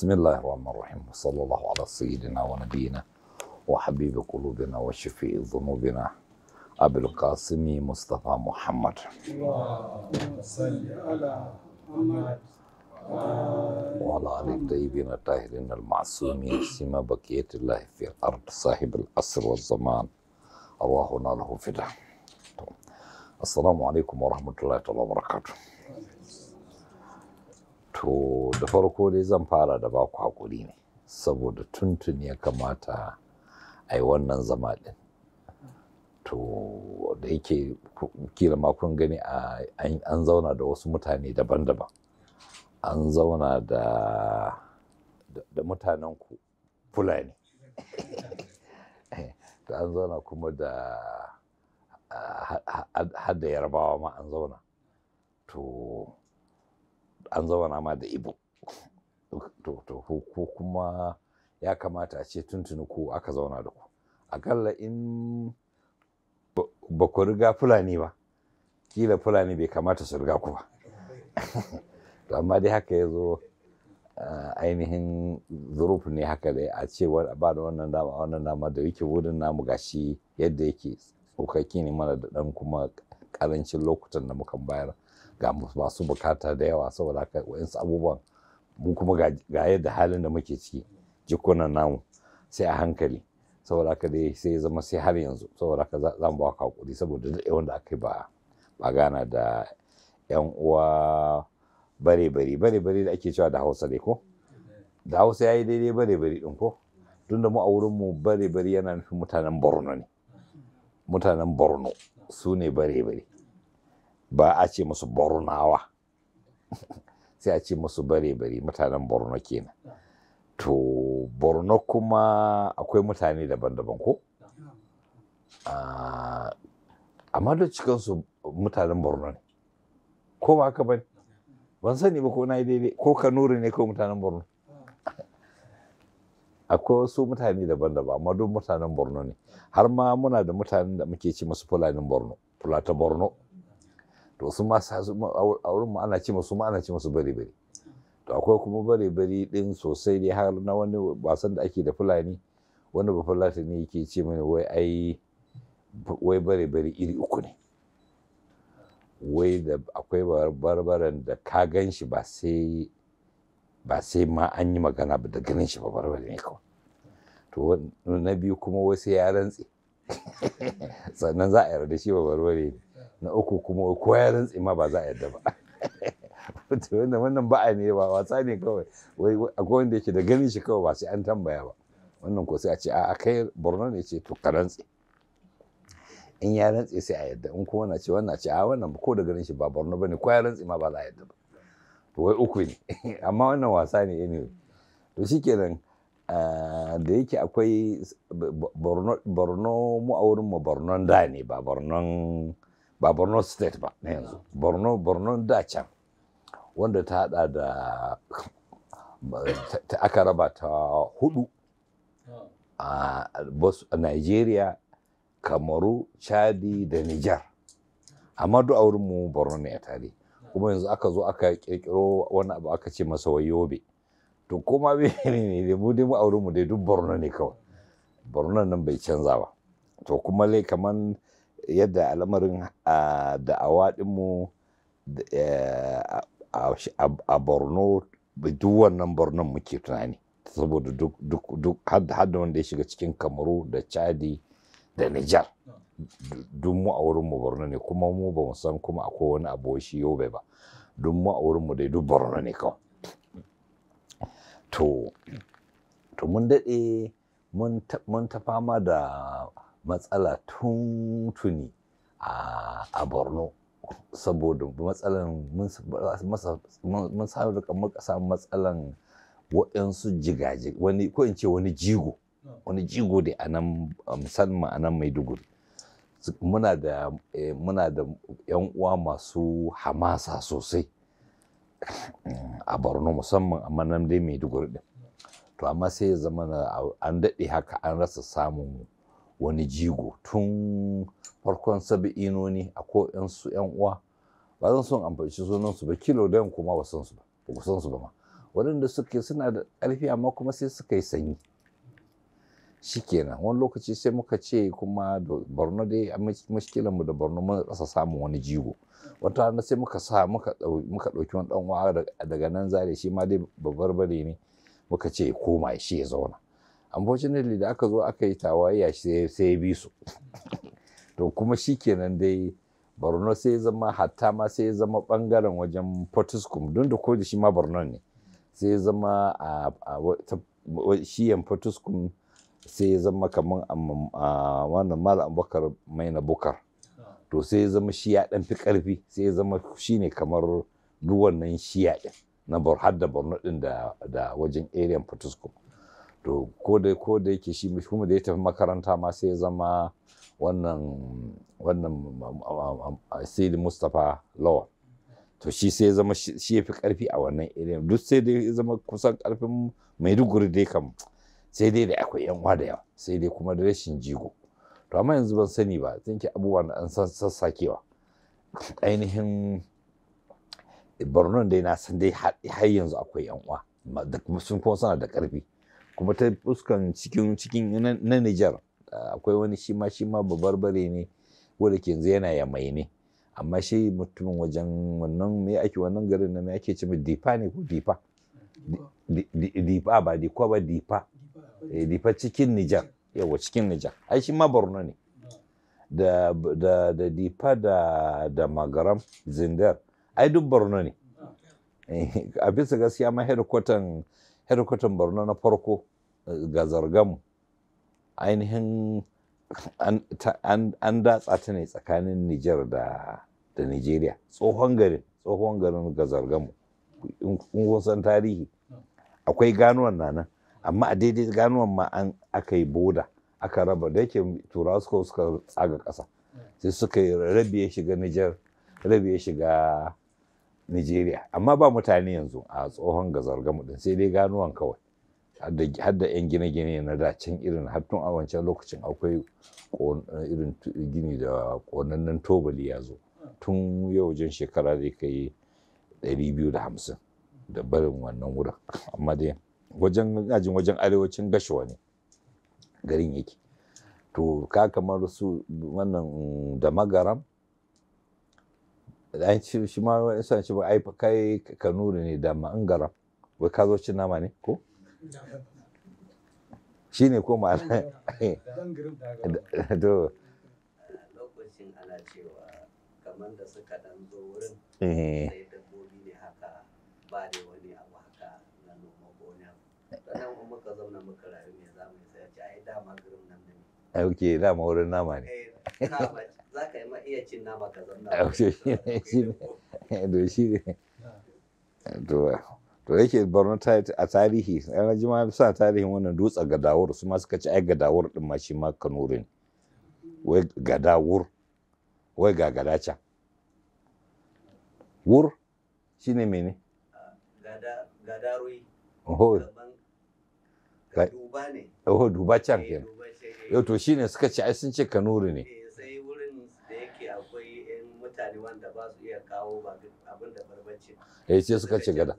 بسم الله الرحمن الرحيم وصلى الله على سيدنا ونبينا وحبيب قلوبنا وشفيء ذنوبنا أبي القاسم مصطفى محمد اللهم صل على محمد وعلى آل الطيبين الطاهرين المعصومين سيما بقية الله في الأرض صاحب الأسر والزمان الله له فداء السلام عليكم ورحمة الله وبركاته To da farko dai zan fara da ba ku haƙuri ne, saboda tuntun ya kamata a yi wannan zama ɗin. To da yake kila ma kun gani an zauna da wasu mutane daban-daban. An zauna da mutanen ku Fulani. To an zauna kuma da hada Yarbawa ma an zauna. To an zauna ma da ibo to to ko kuma ya kamata a ce tuntuni ko aka zauna da ku akalla in ba ku riga fulani ba kila fulani bai kamata su riga ku ba to amma dai haka ya zo eh, ainihin zuruf ne haka dai a ce ba da wannan dama wannan dama da yake wurin namu gashi yadda yake tsokaki ne mana da ɗan, kuma karancin lokutan da muka bayar ga masu bukata da yawa saboda haka wa'insu abubuwan mu kuma ga yadda halin da muke ciki jikunan namu sai a hankali saboda haka dai sai zama sai har yanzu saboda haka za mu ba hakuri saboda duk aka yi ba ba gana da yan uwa bare bare bare bare da ake cewa da hausa dai ko da hausa ya yi daidai bare bare din ko tunda mu a wurin mu bare bare yana nufin mutanen borno ne mutanen borno su ne bare bare ba a ce musu bornawa sai a ce musu bare-bare mutanen borno kenan to borno kuma akwai mutane daban-daban ko ah, amma da cikinsu mutanen borno ne ko ba ka bane ban sani ba ko na yi daidai ko ka nuri ne ko mutanen borno akwai wasu mutane daban-daban amma duk mutanen borno ne har ma muna da mutanen da muke ci musu fulani borno fulata borno to su ma a wurin mu ana ce masu ma ana ce musu bare bare to akwai kuma bare bare din sosai dai har na wani wasan da ake da fulani wanda ba fulani ne yake ce mana wai ai wai bare bare iri uku ne wai da akwai barbaran da ka gan shi ba sai ba sai ma an yi magana ba da ganin shi ba barbare ne kawai to na biyu kuma wai sai ya rantse sannan za a yarda shi ba barbare ne na uku kuma ko ya ma ba za a yadda ba to wannan wannan ba'a ne ba wasa ne kawai wai akwai wanda yake da ganin shi kawai ba sai an tambaya ba wannan ko sai a ce a kai borno ne ce to ka rantse in ya rantse sai a yadda in kuma na ce wannan ce a wannan ko da ganin shi ba borno bane ko ya rantse ma ba za a yadda ba to wai uku ne amma wannan wasa ne anyway to shikenan ah, da yake akwai borno mu a wurin mu bornon da ne ba bornon ba borno state ba na yanzu borno borno da can wanda ta hada da ta aka raba ta hudu ah. a nigeria kamaru chadi da niger amma duk a wurin mu borno ne a tare kuma yanzu aka zo aka kirkiro wani abu aka ce masa wayobe to koma bai ne ne mu dai mu wurin mu dai duk borno ne kawai borno nan bai canza ba to kuma lai kaman yadda al'amarin da dinmu e, a borno duk wannan bornon muke tunani saboda duk hadda wanda ya shiga cikin kamaru da chadi da nijar duk mu a wurinmu borno ne kuma mu ba mu san kuma akwai wani abu shi yobe ba duk mu a wurinmu dai duk borno ne kawai mun daɗe mun ta fama da matsala tuntuni a borno saboda matsalan mun samu matsalan waɗansu jigaje wani ko in ce wani jigo wani jigo da a nan musamman a nan maiduguri muna da eh, muna da yan uwa masu hamasa sosai a borno musamman a manan dai maiduguri din to amma sai ya zama an daɗe haka an rasa samun wani jigo tun farkon sabi'inoni a ko yansu yan uwa ba zan son ambaci sunan su ba kilo da kuma ba san su ba ba ku san su ba ma waɗanda suke suna da ƙarfi amma kuma sai suka yi sanyi shikenan wani lokaci sai muka ce kuma da barno dai mashikilan mu da barno mun rasa samun wani jigo wata rana sai muka sa muka ɗauki wani ɗan uwa daga nan zare shi ma dai babbar bare ne muka ce koma shi ya zauna unfortunately da aka zo aka yi tawayya sai ya bi su to kuma shi kenan dai borno sai ya zama hatta ma sai ya zama bangaren wajen Potiskum don da ko da shi ma borno ne sai ya zama a shiyan Potiskum sai ya zama kamar a wannan malam bakar mai na bukar to sai ya zama shi ya dan fi karfi sai ya zama ne kamar duwannan shi shiya din na har da borno din da wajen area Potiskum. to ko da ko da yake shi kuma da ya tafi makaranta ma sai ya zama wannan wannan um, um, um, Sayyid Mustapha Lawal to shi sai ya zama shi ya fi karfi a wannan irin duk sai dai ya zama kusan karfin Maiduguri dai kam sai dai da akwai yan uwa da yawa sai dai kuma da rashin jigo to amma yanzu ban sani ba zan ki abubuwan da an sassakewa ainihin Borno dai na san dai har yanzu akwai yan uwa sun kuma suna da karfi kuma ta fuskan cikin cikin na Nijar akwai wani shi ma shi ma babarbare ne wanda ke yanzu yana mai ne amma shi mutumin wajen wannan me ake wannan garin na me ake ce difa ne ko difa difa ba ko ba difa eh, difa cikin Nijar yawa cikin Nijar ai shi ma Borno ne da da da difa da da magaram zindar ai duk Borno ne eh, a bisa gaskiya ma headquarter headquarter Borno na farko ga zargan ainihin an datsa ta ne tsakanin Nijar da Nijeriya tsohon garin tsohon garin ga zargan in kun tarihi akwai ganuwan nan amma a daidai ganuwan ma an aka yi boda aka raba da yake turawa suka suka tsaga ƙasa sai suka yi rabi ya shiga Nijar rabi ya shiga Nijeriya amma ba mutane yanzu a tsohon gazargamu din sai dai ganuwan kawai har da yan gine-gine na can irin har tun a wancan lokacin akwai irin gini da ƙonannen tobali ya zo tun yau wajen shekara zai kai 250 da barin wannan wurin amma dai wajen najin wajen arewacin gashuwa ne garin yake to ka kamar su wannan mm, da magaram an ci shi ma wani sanci ba ai kai kanuri ne da ma'angaram wai ka zo cin nama ne ko shi ne ko ma'ana eh. to lokacin ana cewa kamar da suka dan zo wurin eh. sai dabbobi ne haka ba da wani abu haka na noma gona sannan kuma zauna muka rayu ne za mu yi sai ce ai dama gurin nan da ne ok dama wurin nama ne eh, za ka yi ma cin nama ka zauna ok shi ne shi ne to to yake barna a tarihi yana ji ma sa tarihin wannan dutsen gadawar su ma suka ci ai gadawar din ma shi ma kanuri ne wai gadawur wai ga gadacha wur ne mene gadarui duba duba can eh, kenan eh. yau to shi ne suka ci ai sun ce kanuri ne eh, sai wurin da yake akwai mutane wanda ba su iya kawo abin da sai suka ce gada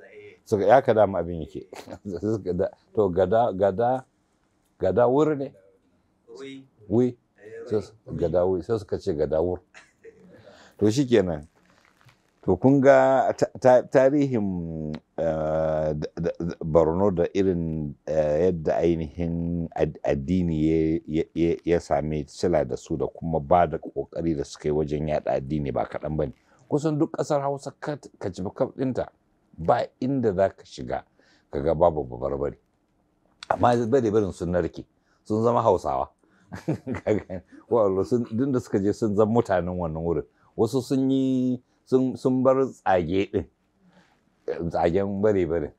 suka ya ka dama abin yake to gada gada gada wuri ne wi eh, gada wuri sai suka ce gada wuri to shikenan to kun ga tarihin eh, borno da irin eh, yadda ainihin addini ya sami sila da su da kuma ba da kokari da suka yi wajen yada addini ba kaɗan ba ne kusan duk ƙasar hausa ci kaf ɗinta ba inda za ka shiga kaga babu bari. amma bari bari sun narke sun zama hausawa duk da suka je sun zama mutanen wannan wurin wasu sun yi sun bar tsage din tsagen bare-bare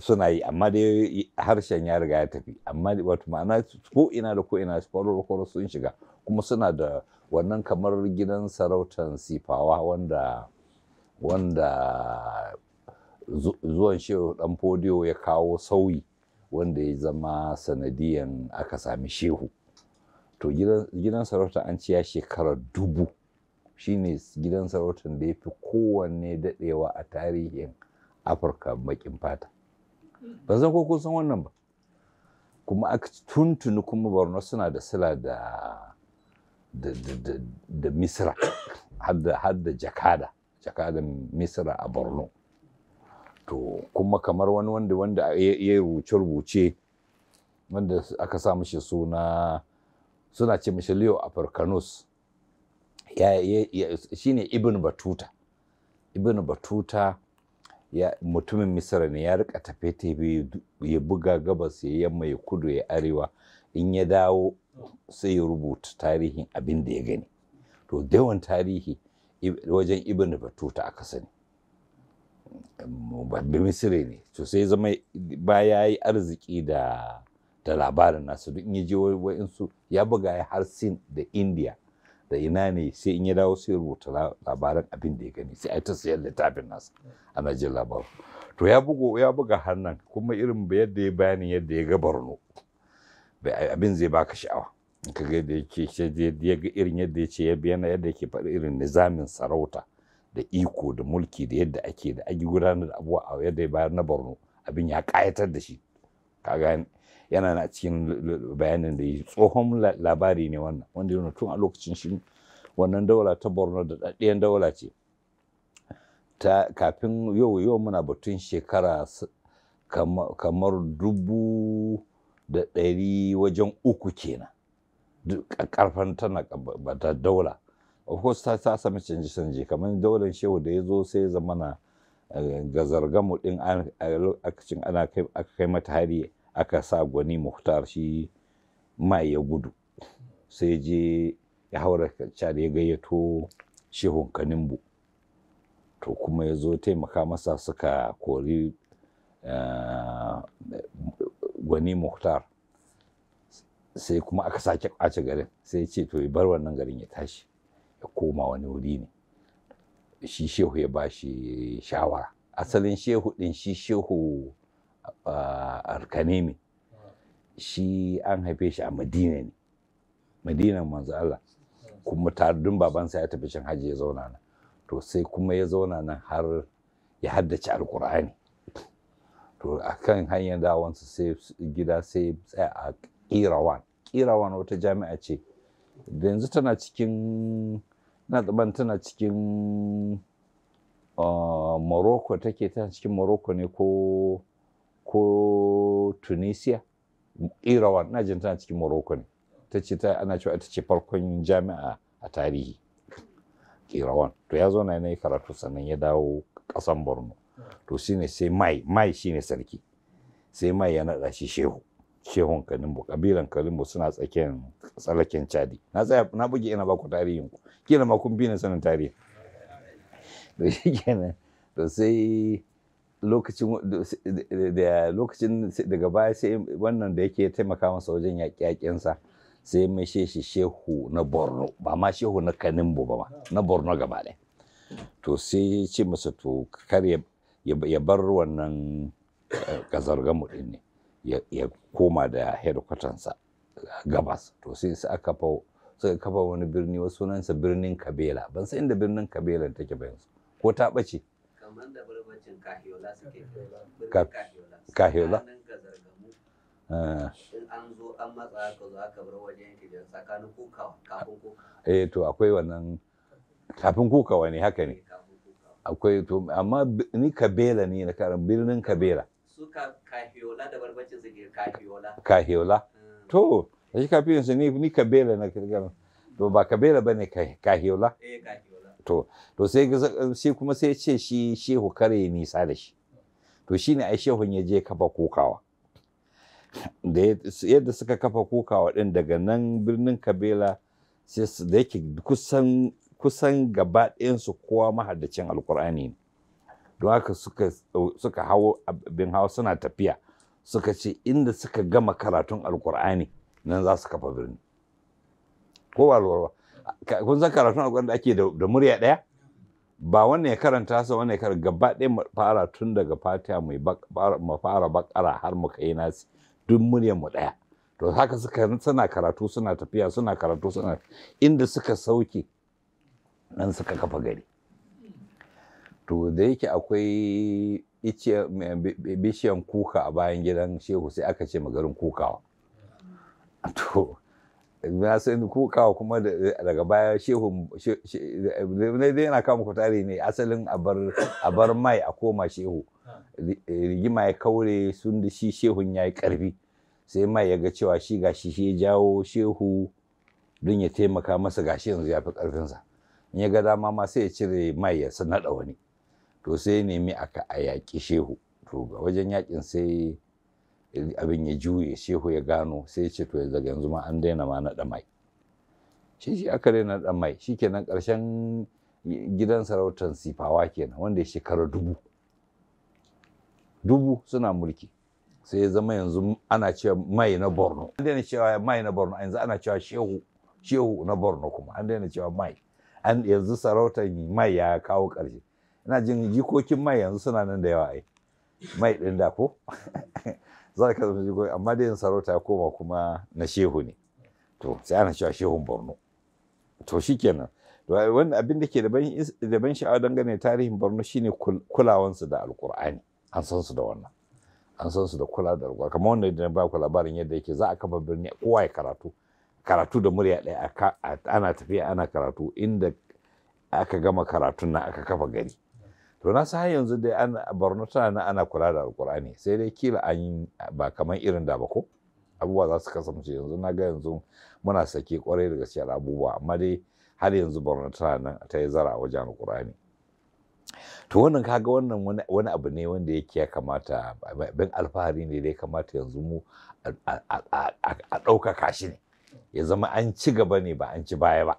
suna yi amma dai harshen ya riga ya tafi amma wata ma'ana ko ina da ko ina kwaro sun shiga kuma suna da wannan kamar gidan sarautan sifawa wanda wanda zuwan shehu dan fodiyo ya kawo sauyi wanda ya zama sanadiyan aka sami shehu to gidan sarauta an ciya shekarar dubu shine gidan sarautar da ya fi kowanne dadewa a tarihin afirka baƙin fata ba san ko san wannan ba kuma aka tuntuni kuma borno suna da sila da da misra har da jakada jakadan misra a borno to kuma kamar wani wanda wanda ya rubuce rubuce wanda aka sa mishi suna suna ce mishi leo ya shine ibn batuta ibn batuta ya mutumin misra ne ya rika tafe tafe ya buga gabas ya yamma ya kudu ya arewa in ya dawo sai ya rubuta tarihin abin da ya gani to da yawan tarihi wajen ibn batuta aka sani misiri ne to sai zama ba ya yi arziki da da labarin nasu duk in je wa'insu ya buga ya har sin da india da ina ne sai in ya dawo sai rubuta labaran abin da ya gani sai a ta sayar littafin nasa ana jin labaru to ya bugo ya buga har nan kuma irin yadda ya bayanin yadda ya ga borno abin zai baka sha'awa kaga da yake ga irin yadda ya ce ya bayyana yadda yake faɗi irin nizamin sarauta da iko da mulki da yadda ake da ake gudanar da abuwa a yadda ya bayar na borno abin ya ƙayatar da shi kaga yana na cikin bayanin da yi tsohon labari ne wannan wanda yana tun a lokacin shi wannan daula ta borno da ɗaɗɗiyan daula ce ta kafin yau yau muna batun shekara kamar dubu da ɗari wajen uku kenan karfan tana ta daula of course ta ta sami canji canji kamar daular shehu da ya zo sai zama na eh, ga zargamu din a lokacin ana kai aka kai mata hari aka sa gwani muhtar shi mai ya gudu sai je ya haura kacca ya gayyato shehun kanimbu to kuma ya zo taimaka masa suka kori eh, gwani muhtar sai kuma aka sake kwace garin sai ya ce to ya bar wannan garin ya tashi ya koma wani wuri ne shi shehu ya bashi shi shawara asalin shehu din shi shehu arkane ne shi an haife shi a madina ne madinan manzo Allah kuma tardun babansa ya tafi shan haji ya zauna na to sai kuma ya zauna nan har ya haddace alkur'ani to akan hanyar dawansa sai gida sai tsaya a Kirawan. Kirawan wata jami'a ce. Da yanzu tana cikin na tana cikin ah, Morocco take tana cikin Morocco ne ko ko Tunisia. Kirawan na jin tana cikin Morocco ne. Ta ce ta ana cewa ita ce farkon jami'a a tarihi. Kirawan. To ya zo na yi karatu sannan ya dawo ƙasan Borno. To shine sai mai mai shine sarki. Sai mai ya naɗa shi shehu. shehun kalimbo kabilan kalimbo suna tsakiyar tsallaken chadi na tsaya na buge ina baku tarihin ku kila ma kun bi ni sanin tarihin. to shikenan to sai lokacin da lokacin daga baya sai wannan da yake taimaka masa wajen yaƙi sa sai mai sheshi shehu na borno ba ma shehu na kanimbo ba na borno gaba to sai ce masa to kar ya bar wannan kazargamu eh, ɗin ne ya koma da headquartersa gabas to sai su aka fa suka kafa wani birni wa sunansa birnin kabela ban san inda birnin kabela take ba yanzu ko ta bace kamar da barbacin kahiola suke kahiola ah. in an zo an matsa ka zo aka bar wajen yake da tsakanin kukawa kafin kukawa eh to akwai wannan kafin kukawa ne haka ne eh, akwai to amma ni kabela ne na karan birnin kabela su kahiola da barbacin su ke kahiola kahiola mm. to shi kafiyon ni kabela na kirgana to ba kabela ba ne eh, kahiola to to sai sai kuma sai ce shi shehu kare ya nisa da shi to shi ne ai shehun ya je kafa kokawa da yadda suka kafa kokawa din daga nan birnin kabela sai da yake kusan kusan gaba ɗayansu kowa mahaddacin alkur'ani ne don haka suka hawo abin hawa suna tafiya suka ce inda suka gama karatun alkur'ani nan za su kafa birni ko ba ba kun san karatun alkur'ani da ake da murya ɗaya ba wannan ya karanta sa wanne ya karanta gaba ɗaya mu fara tun daga fatiha mai mu fara bakara har mu kai nasi duk muryar mu ɗaya to haka suka suna karatu suna tafiya suna karatu suna inda suka sauke nan suka kafa gari to da yake akwai bishiyan kuka a bayan gidan shehu sai aka ce garin kukawa to na san kukawa kuma daga baya shehu dai yana kama ku ne asalin a bar mai a koma shehu rigima ya kaure sun da shi shehun ya yi karfi sai mai ya ga cewa shi ga shi ya jawo shehu don ya taimaka masa gashi yanzu ya fi karfinsa in ya ga dama ma sai ya cire mai ya da wani to sai nemi aka a yaƙi shehu to ga wajen yaƙin sai abin ya juye shehu ya gano sai ce to yanzu yanzu ma an daina ma naɗa mai shi shi aka daina naɗa mai shi kenan ƙarshen gidan sarautar sifawa kenan wanda ya shekara dubu dubu suna mulki sai ya zama yanzu ana cewa mai na borno an daina cewa mai na borno yanzu ana cewa shehu shehu na borno kuma an daina cewa mai yanzu sarautar mai ya kawo ƙarshe ina jin jikokin mai yanzu suna nan da yawa ai mai ɗin da ko za ka zama jikoki amma dai sarauta koma kuma na shehu ne to sai ana cewa shehun borno to shikenan wanda abin da ke da ban sha'awa dangane tarihin borno shine kulawansu da alkur'ani an san su da wannan an san su da kula da alkur'ani kamar wanda na ba ku labarin yadda yake za a kafa birni kowa ya karatu karatu da murya ɗaya ana tafiya ana karatu inda aka gama karatun nan aka kafa gari to na sa har yanzu dai an Borno tana nan ana kula da Alkur'ani sai dai kila an ba kamar irin da ba ko abubuwa za su kasance yanzu na ga yanzu muna sake kwarai da gaskiyar abubuwa amma dai har yanzu Borno tana nan ta yi zara wajen Alkur'ani to wannan kaga wannan wani abu ne wanda yake ya kamata bin alfahari ne da ya kamata yanzu mu a ɗaukaka shi ne ya zama an ci gaba ne ba an ci baya ba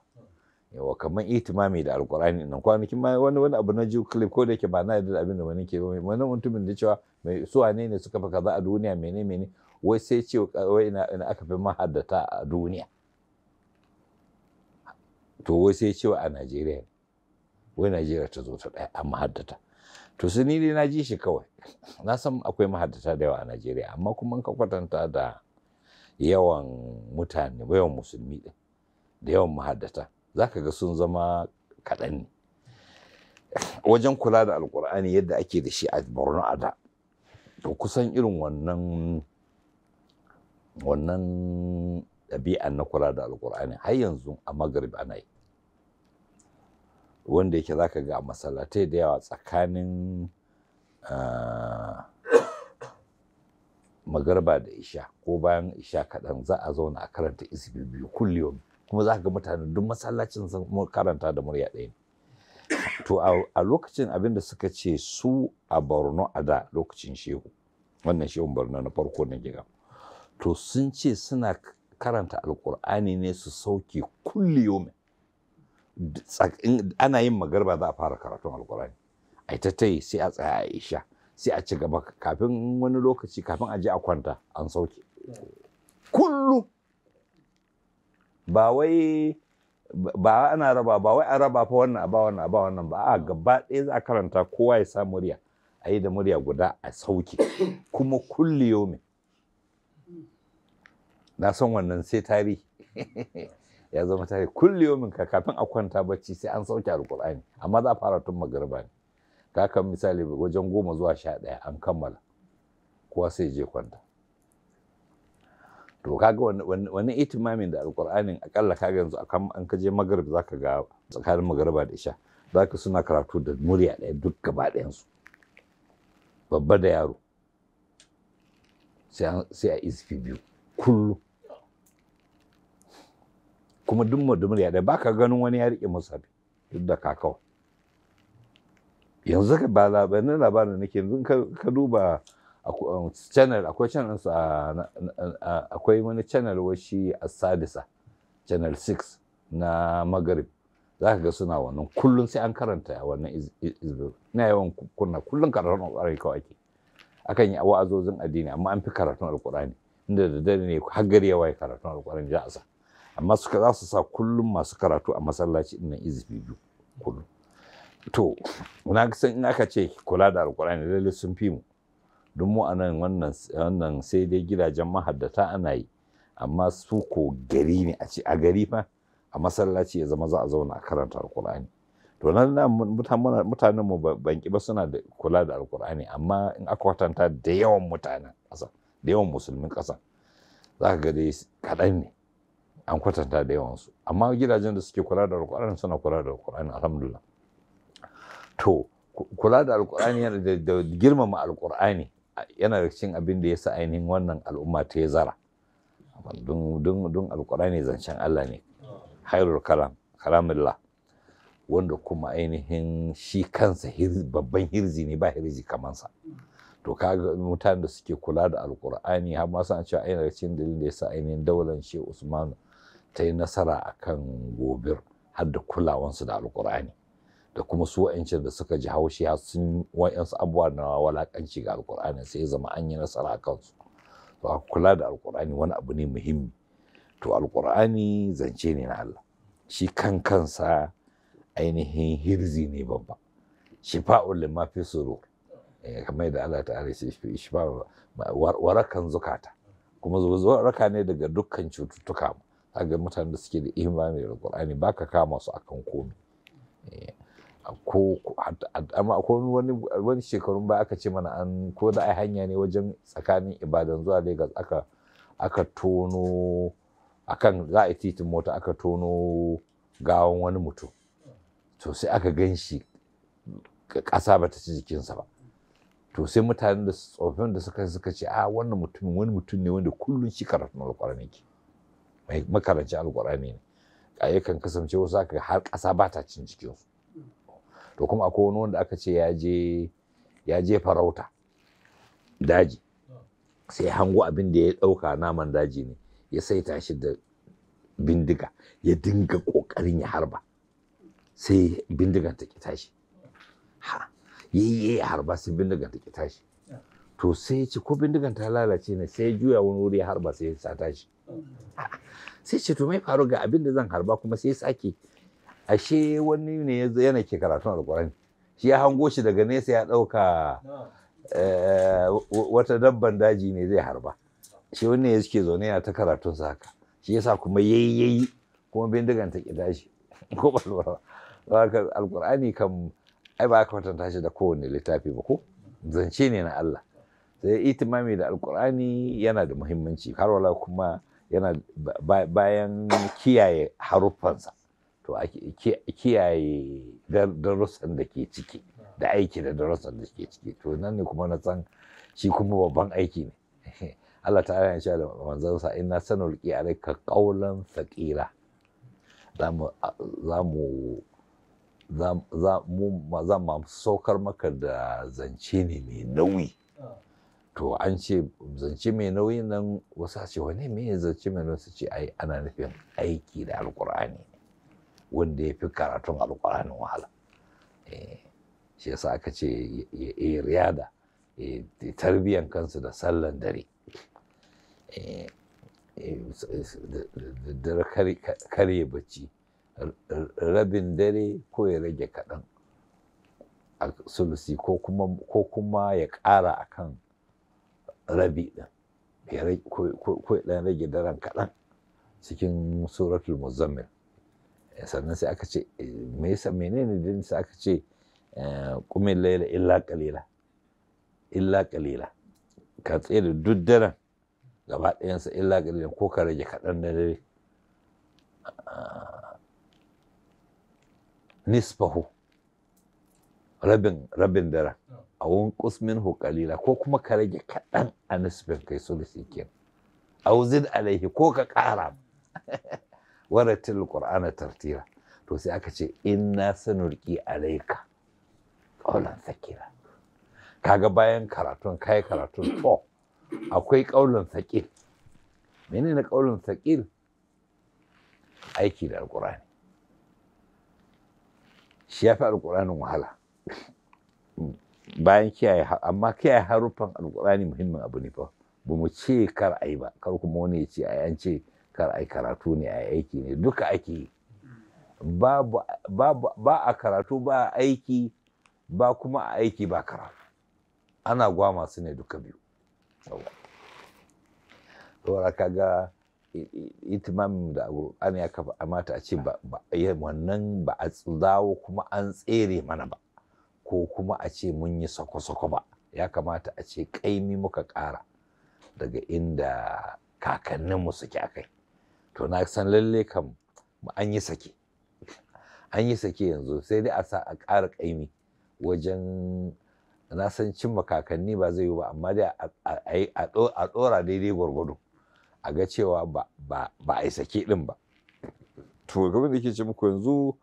yawa kamar itimami da alkurani nan kwanakin ma wani wani abu na jiw clip ko da yake ba na da abin da wani ke ba wani mutumin da cewa mai su wane ne suka fi kaza a duniya mene mene wai sai ce wai ina aka fi mahaddata a duniya to wai sai cewa a Najeriya wai Najeriya ta zo ta ɗaya a mahaddata to su ni dai na ji shi kawai na san akwai mahaddata da yawa a Najeriya amma kuma ka kwatanta da yawan mutane yawan musulmi da yawan mahaddata za ka ga sun zama kaɗan ne wajen kula da Alƙur'ani yadda ake da shi a borno a da to kusan irin wannan wannan ɗabi'an na kula da alkur'ani har yanzu a magrib ana yi wanda yake ka ga masallatai da yawa tsakanin ah, magarba da isha ko bayan isha kaɗan za a zauna a karanta isbi biyu kullum kuma za ka ga mutane duk masallacin sun karanta da murya ɗaya to a lokacin abin da suka ce su a borno a da lokacin shehu wannan shehun borno na farko na gida, to sun ce suna karanta alkur'ani ne su sauke kulli yomi ana yin magarba za a fara karatun alkur'ani a ta tai sai a tsaya a isha sai a ci gaba kafin wani lokaci kafin a je a kwanta an sauke kullum. ba wai ba ana raba ba wai a raba fa wannan a ba wannan a ba wannan ba a gaba ɗaya za a karanta kowa ya sa murya a yi da murya guda a sauke kuma kulli yomi na san wannan sai tari ya zama tari. kulli yomin ka kafin a kwanta bacci sai an sauke alkur'ani amma za a fara tun magariba ne ka kan misali wajen goma zuwa sha ɗaya an kammala kowa sai je kwanta to kaga wani itimamin da alkur'ani akalla kaga yanzu akan an kaje magrib zaka ga tsakanin magariba da isha zaka suna karatu da murya ɗaya duk gaba su babba da yaro sai a izfi biyu kullum kuma duk da murya ba ka ganin wani ya rike masa duk da kaka yanzu ka ba labarin labarin nake yanzu ka duba Um, channel akwai channel su akwai wani channel washi a sadisa channel 6 na maghrib za ka ga suna wannan kullum sai an karanta wannan izbir na yawan kunna kullum karatun alƙur'ani kawai ake akan yi wa'azozin addini amma an fi karatun alkurani inda da dare ne har gari ya waye karatun alƙur'ani za a sa amma suka za su sa kullum masu karatu a masallaci ɗin nan izbi biyu kullum to na san in aka ce kula da alkurani lallai sun fi mu duk mu anan wannan wannan sai dai gidajen mahaddata ana yi amma su ko gari ne a ce a gari fa a masallaci ya zama za a zauna a karanta alkur'ani to nan mutanen mu banki ba suna da kula da alkur'ani amma in aka kwatanta da yawan mutanen ƙasa da yawan musulmin ƙasa za ka ga dai kaɗan ne an kwatanta da yawansu amma gidajen da suke kula da alkur'ani suna kula da alkur'ani alhamdulillah to kula da alkur'ani yana da girmama alkur'ani yana da cikin abin da ya sa ainihin wannan al'umma ta ya zara don alkurani zancen Allah ne hairul karam karamillah wanda kuma ainihin shi kansa babban hirzi ne ba hirzi kamansa to kaga mutanen da suke kula da alkur'ani har ma sun ce ainihin cikin dalilin da yasa sa ainihin daular shi usman ta yi nasara akan gobir har da kulawansu da alkur'ani da kuma su wa'ancin da suka ji haushi haushiya sun wa'ansu abubuwa na walakanci ga alkur'ani sai ya zama an yi nasara a kansu to a kula da alkur'ani wani abu ne muhimmi to alkur'ani zance ne na Allah shi kan kansa ainihin hirzi ne babba shifa'ul lima fi surur eh, kamar da Allah ta'ala ya ce shifa warakan zukata kuma waraka ne daga dukkan cututtuka kaga mutanen da suke da imani da alkur'ani baka kama su akan komai eh, ko amma akwai wani shekarun ba aka ce mana an ko da ai hanya ne wajen tsakanin ibadan zuwa legas aka aka tono akan za a titin mota aka tono gawan wani mutum to sai aka gan shi ƙasa ba ta ci jikinsa ba to sai mutane da tsofin da suka suka ce a ah, wannan mutum wani mutum ne wanda kullum shi karatun alƙur'ani ke mai makarancin alƙur'ani ne a yakan kasance wasu aka har ƙasa ba ta cin jikinsu to kuma akwai wani wanda aka ce ya je ya je farauta daji sai hango abin da ya ɗauka naman daji ne ya saita shi da bindiga ya dinga ƙoƙarin ya harba sai bindigan ta ki tashi ha yayi ya harba sai bindigan ta ki tashi to sai ya ce ko bindigan ta lalace ne sai ya juya wani wuri ya harba sai ya sa tashi sai ce to mai faru ga abin da zan harba kuma sai ya sake ashe wani ne yana ke karatun alkurani shi ya hango shi daga nesa ya ɗauka eh, wata dabban daji ne zai harba shi wani ya suke zaune yana ta karatun sa haka shi yasa kuma yayyayi yayi kuma bindigan ta ƙida shi ko ba alkur'ani kam ai ba ka kwatanta shi da kowane littafi ba ko zance ne na Allah sai itimami da alkur'ani yana da muhimmanci har wala kuma yana bayan kiyaye haruffansa to kiyaye darussan da ke ciki da aiki da darussan da ke ciki to nan ne kuma na san shi kuma babban aiki ne Allah ta'ala ya sha da manzon sa inna sanulqi alayka qawlan thaqila zamu zamu za mu saukar maka da zance ne mai nauyi to an ce zance mai nauyi nan wasu ce wani me zance mai nauyi su ce ai ana nufin aiki da alkur'ani wanda ya fi karatun alƙur'anin wahala eh, shi yasa aka ce ya riyada tarbiyan kansu da sallan dare eh, eh, dare karye bacci rabin dare ko ya rage kaɗan a sulusi ko kuma ya ƙara kan rabi ɗin ko ya ɗan rage daren kaɗan cikin suratul muzammil sannan sai aka ce eh, me yasa menene din sai aka ce kumin eh, laila illa qalila illa qalila ka tsere duk daren gaba ɗayansa illa qalila ko ka rage kaɗan da dare ah, nisfahu rabin rabin daren a kusmin hu qalila ko kuma ka rage kaɗan a nisfin kai sulusi kenan auzid alaihi ko ka ƙara waratil qur'ana tartila to sai aka ce inna sanulqi alayka qawlan sakira kaga bayan karatun kai karatun to akwai qawlan sakil menene qawlan sakil aiki da alqur'ani shi ya fi alƙur'anin wahala bayan kiyaye amma kiyaye haruffan alƙur'ani muhimmin abu ne fa ba mu ce kar a yi ba kar kuma wani ya ce a an kar ai karatu ne ai aiki ne duka ake yi ba a karatu ba a aiki ba kuma a aiki ba karatu ana gwama su ne duka biyu saboda kaga itimamin da an ya kafa amata a ce wannan ba a dawo kuma an tsere mana ba ko kuma a ce mun yi sako-sako ba ya kamata a ce kaimi muka kara. daga inda kakanninmu suke a kai to na san lalle kam an yi sake an yi sake yanzu sai dai a sa a ƙara ƙaimi wajen na san cin makakanni ba zai yi ba amma dai a ɗora daidai gwargwado a ga cewa ba a yi sake ɗin ba to game da ke ce muku yanzu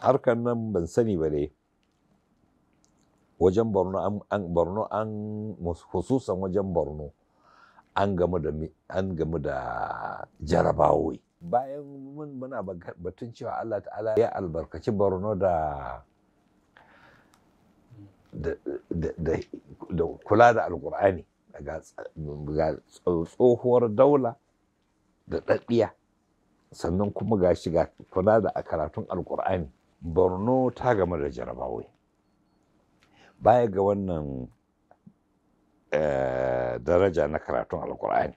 harkar nan ban sani ba dai wajen borno an borno an hususan wajen borno an gamu da an gamu da jarabawoyi bayan mun muna batun cewa Allah ta'ala ya albarkaci Borno da da kula da alkur'ani ga tsohuwar daula da ɗaɗɗiya sannan kuma ga shi kula da karatun alkur'ani borno ta game da jarabawai baya ga wannan Eh, daraja na karatun alkur'ani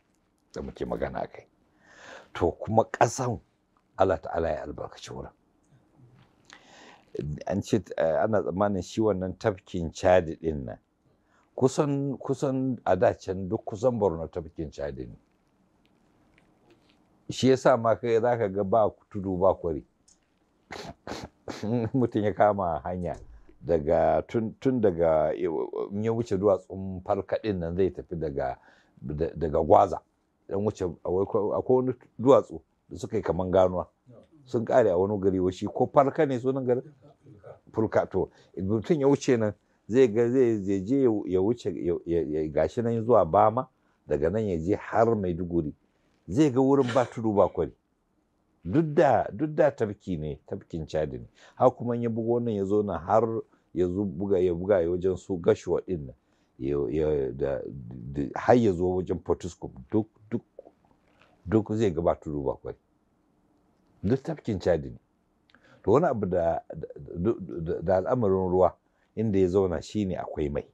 da muke magana a kai to kuma ƙasan allah ta'ala ya albarkaci wurin an ce eh, ana tsammanin shi wannan tafkin chadi din nan kusan kusan a dacen duk kusan borno tafkin chadi ne shi yasa ma kai za ga ba tudu ba kwari mutum ya kama hanya daga tun daga eh, ya wuce duwatsun farkaɗin nan zai tafi daga daga gwaza dan wuce akwai wani duwatsu da suka yi kaman ganuwa sun kare a wani gari washi ko farka ne sunan garin fulka to mutum ya wuce nan zai ga zai je ya wuce gashi nan zuwa bama daga nan ya je har mai maiduguri zai ga wurin ba tudu ba kwari duk da tafki ne tafkin chadi ne har kuma ya bugo nan ya zo nan har ya buga ya buga ya wajen su gashuwa din nan har ya zo wajen Fortescue duk duk duk zai gaba tudu ba kwai duk tafkin Chadi ne to wani abu da da al'amarin ruwa inda ya zauna shine akwai mai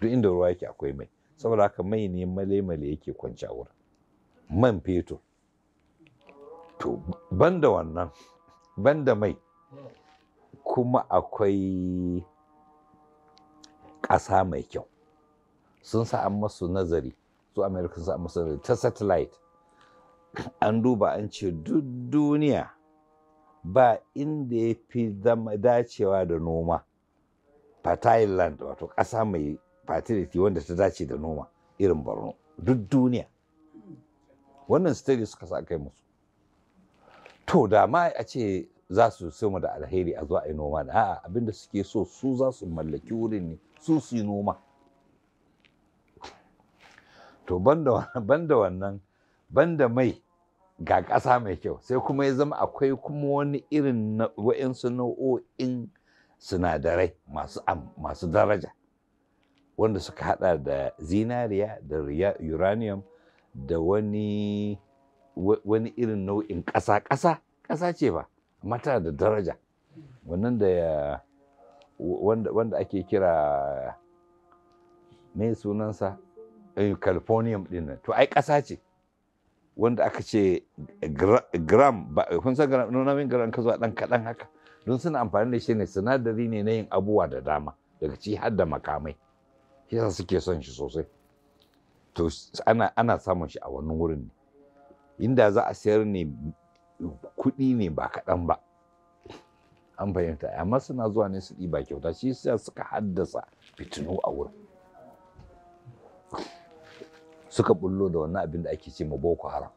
duk inda ruwa yake akwai mai saboda haka mai ne male-male yake kwanci man fetur to banda wannan banda mai kuma akwai ƙasa mai kyau sun sa an masu nazari su amerika sun sa an masu nazari ta satellite an duba an ce duk duniya ba inda ya fi dacewa da noma Ba Thailand wato ƙasa mai fertility wanda ta dace da noma irin borno duk duniya wannan study suka sa kai musu to da ma a ce za su sai mu da alheri a zuwa a yi noma da a'a abinda suke so su za su mallaki wurin ne su su yi noma to banda wannan banda mai ga ƙasa mai kyau sai kuma ya zama akwai kuma wani irin wa'insu nau'o'in sinadarai masu daraja wanda suka hada da zinariya da uranium da wani wani irin nau'in ƙasa ƙasa ƙasa ce ba mata da daraja wannan da ya, wanda ake kira mai sunansa eh, californium din to ai ƙasa ce wanda aka ce gram kun san gram nonamin gram ka zuwa ɗan kaɗan haka don suna amfani da shi ne sinadari ne na yin abubuwa da dama daga ci har da makamai shi yasa suke son shi sosai to ana samun shi a wannan wurin ne inda za a sayar ne kuɗi ne ba kaɗan ba an fahimta amma suna zuwa ne su ɗiba kyauta shi yasa suka haddasa fitinu a wurin suka bullo da wannan abin da ake ce ma boko haram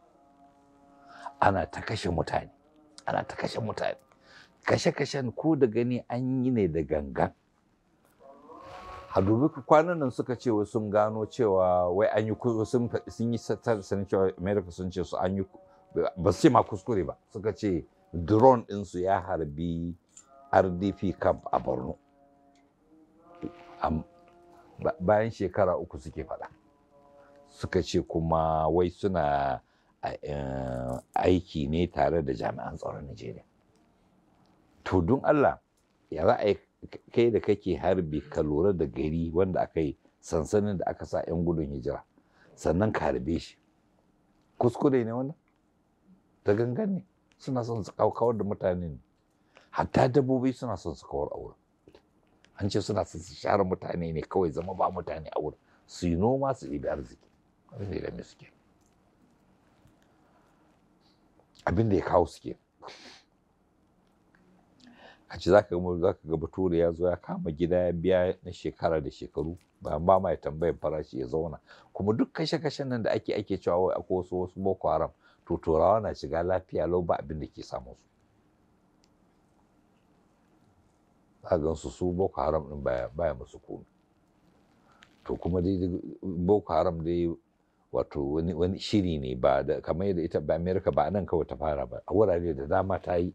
ana ta kashe mutane ana ta kashe mutane kashe-kashen ko da gani an yi ne da gangan a dubi kwanan nan suka ce sun gano cewa wai an yi sun yi satar sun cewa america sun ce su an yi ba su ce ma kuskure ba suka ce drone su ya harbi rdp camp a borno bayan shekara uku suke faɗa suka ce kuma wai suna eh, aiki ne tare da jami'an tsaron najeriya to don allah ya za kai da kake harbi ka lura da gari wanda aka yi sansanin da aka sa 'yan gudun hijira sannan ka harbe shi kuskure ne wannan da gangan ne suna son su kawar da mutane ne hatta dabbobi suna son su kawar a an ce suna son su share mutane ne kawai zama ba mutane aure. wurin su yi noma su ɗibi arziki abin da ya dame suke abin da ya kawo suke a ce za ka ga bature ya zo ya kama gida ya biya na shekara da shekaru ba ma ya tambayar farashi ya zauna kuma duk kashe-kashen nan da ake ake cewa wai akwai wasu wasu boko haram to turawa na shiga lafiya lau ba abin da ke samu su za gansu su boko haram din baya baya musu komi to kuma dai boko haram dai wato wani shiri ne ba da kamar yadda ita ba America ba nan kawai ta fara ba a wurare da dama ta yi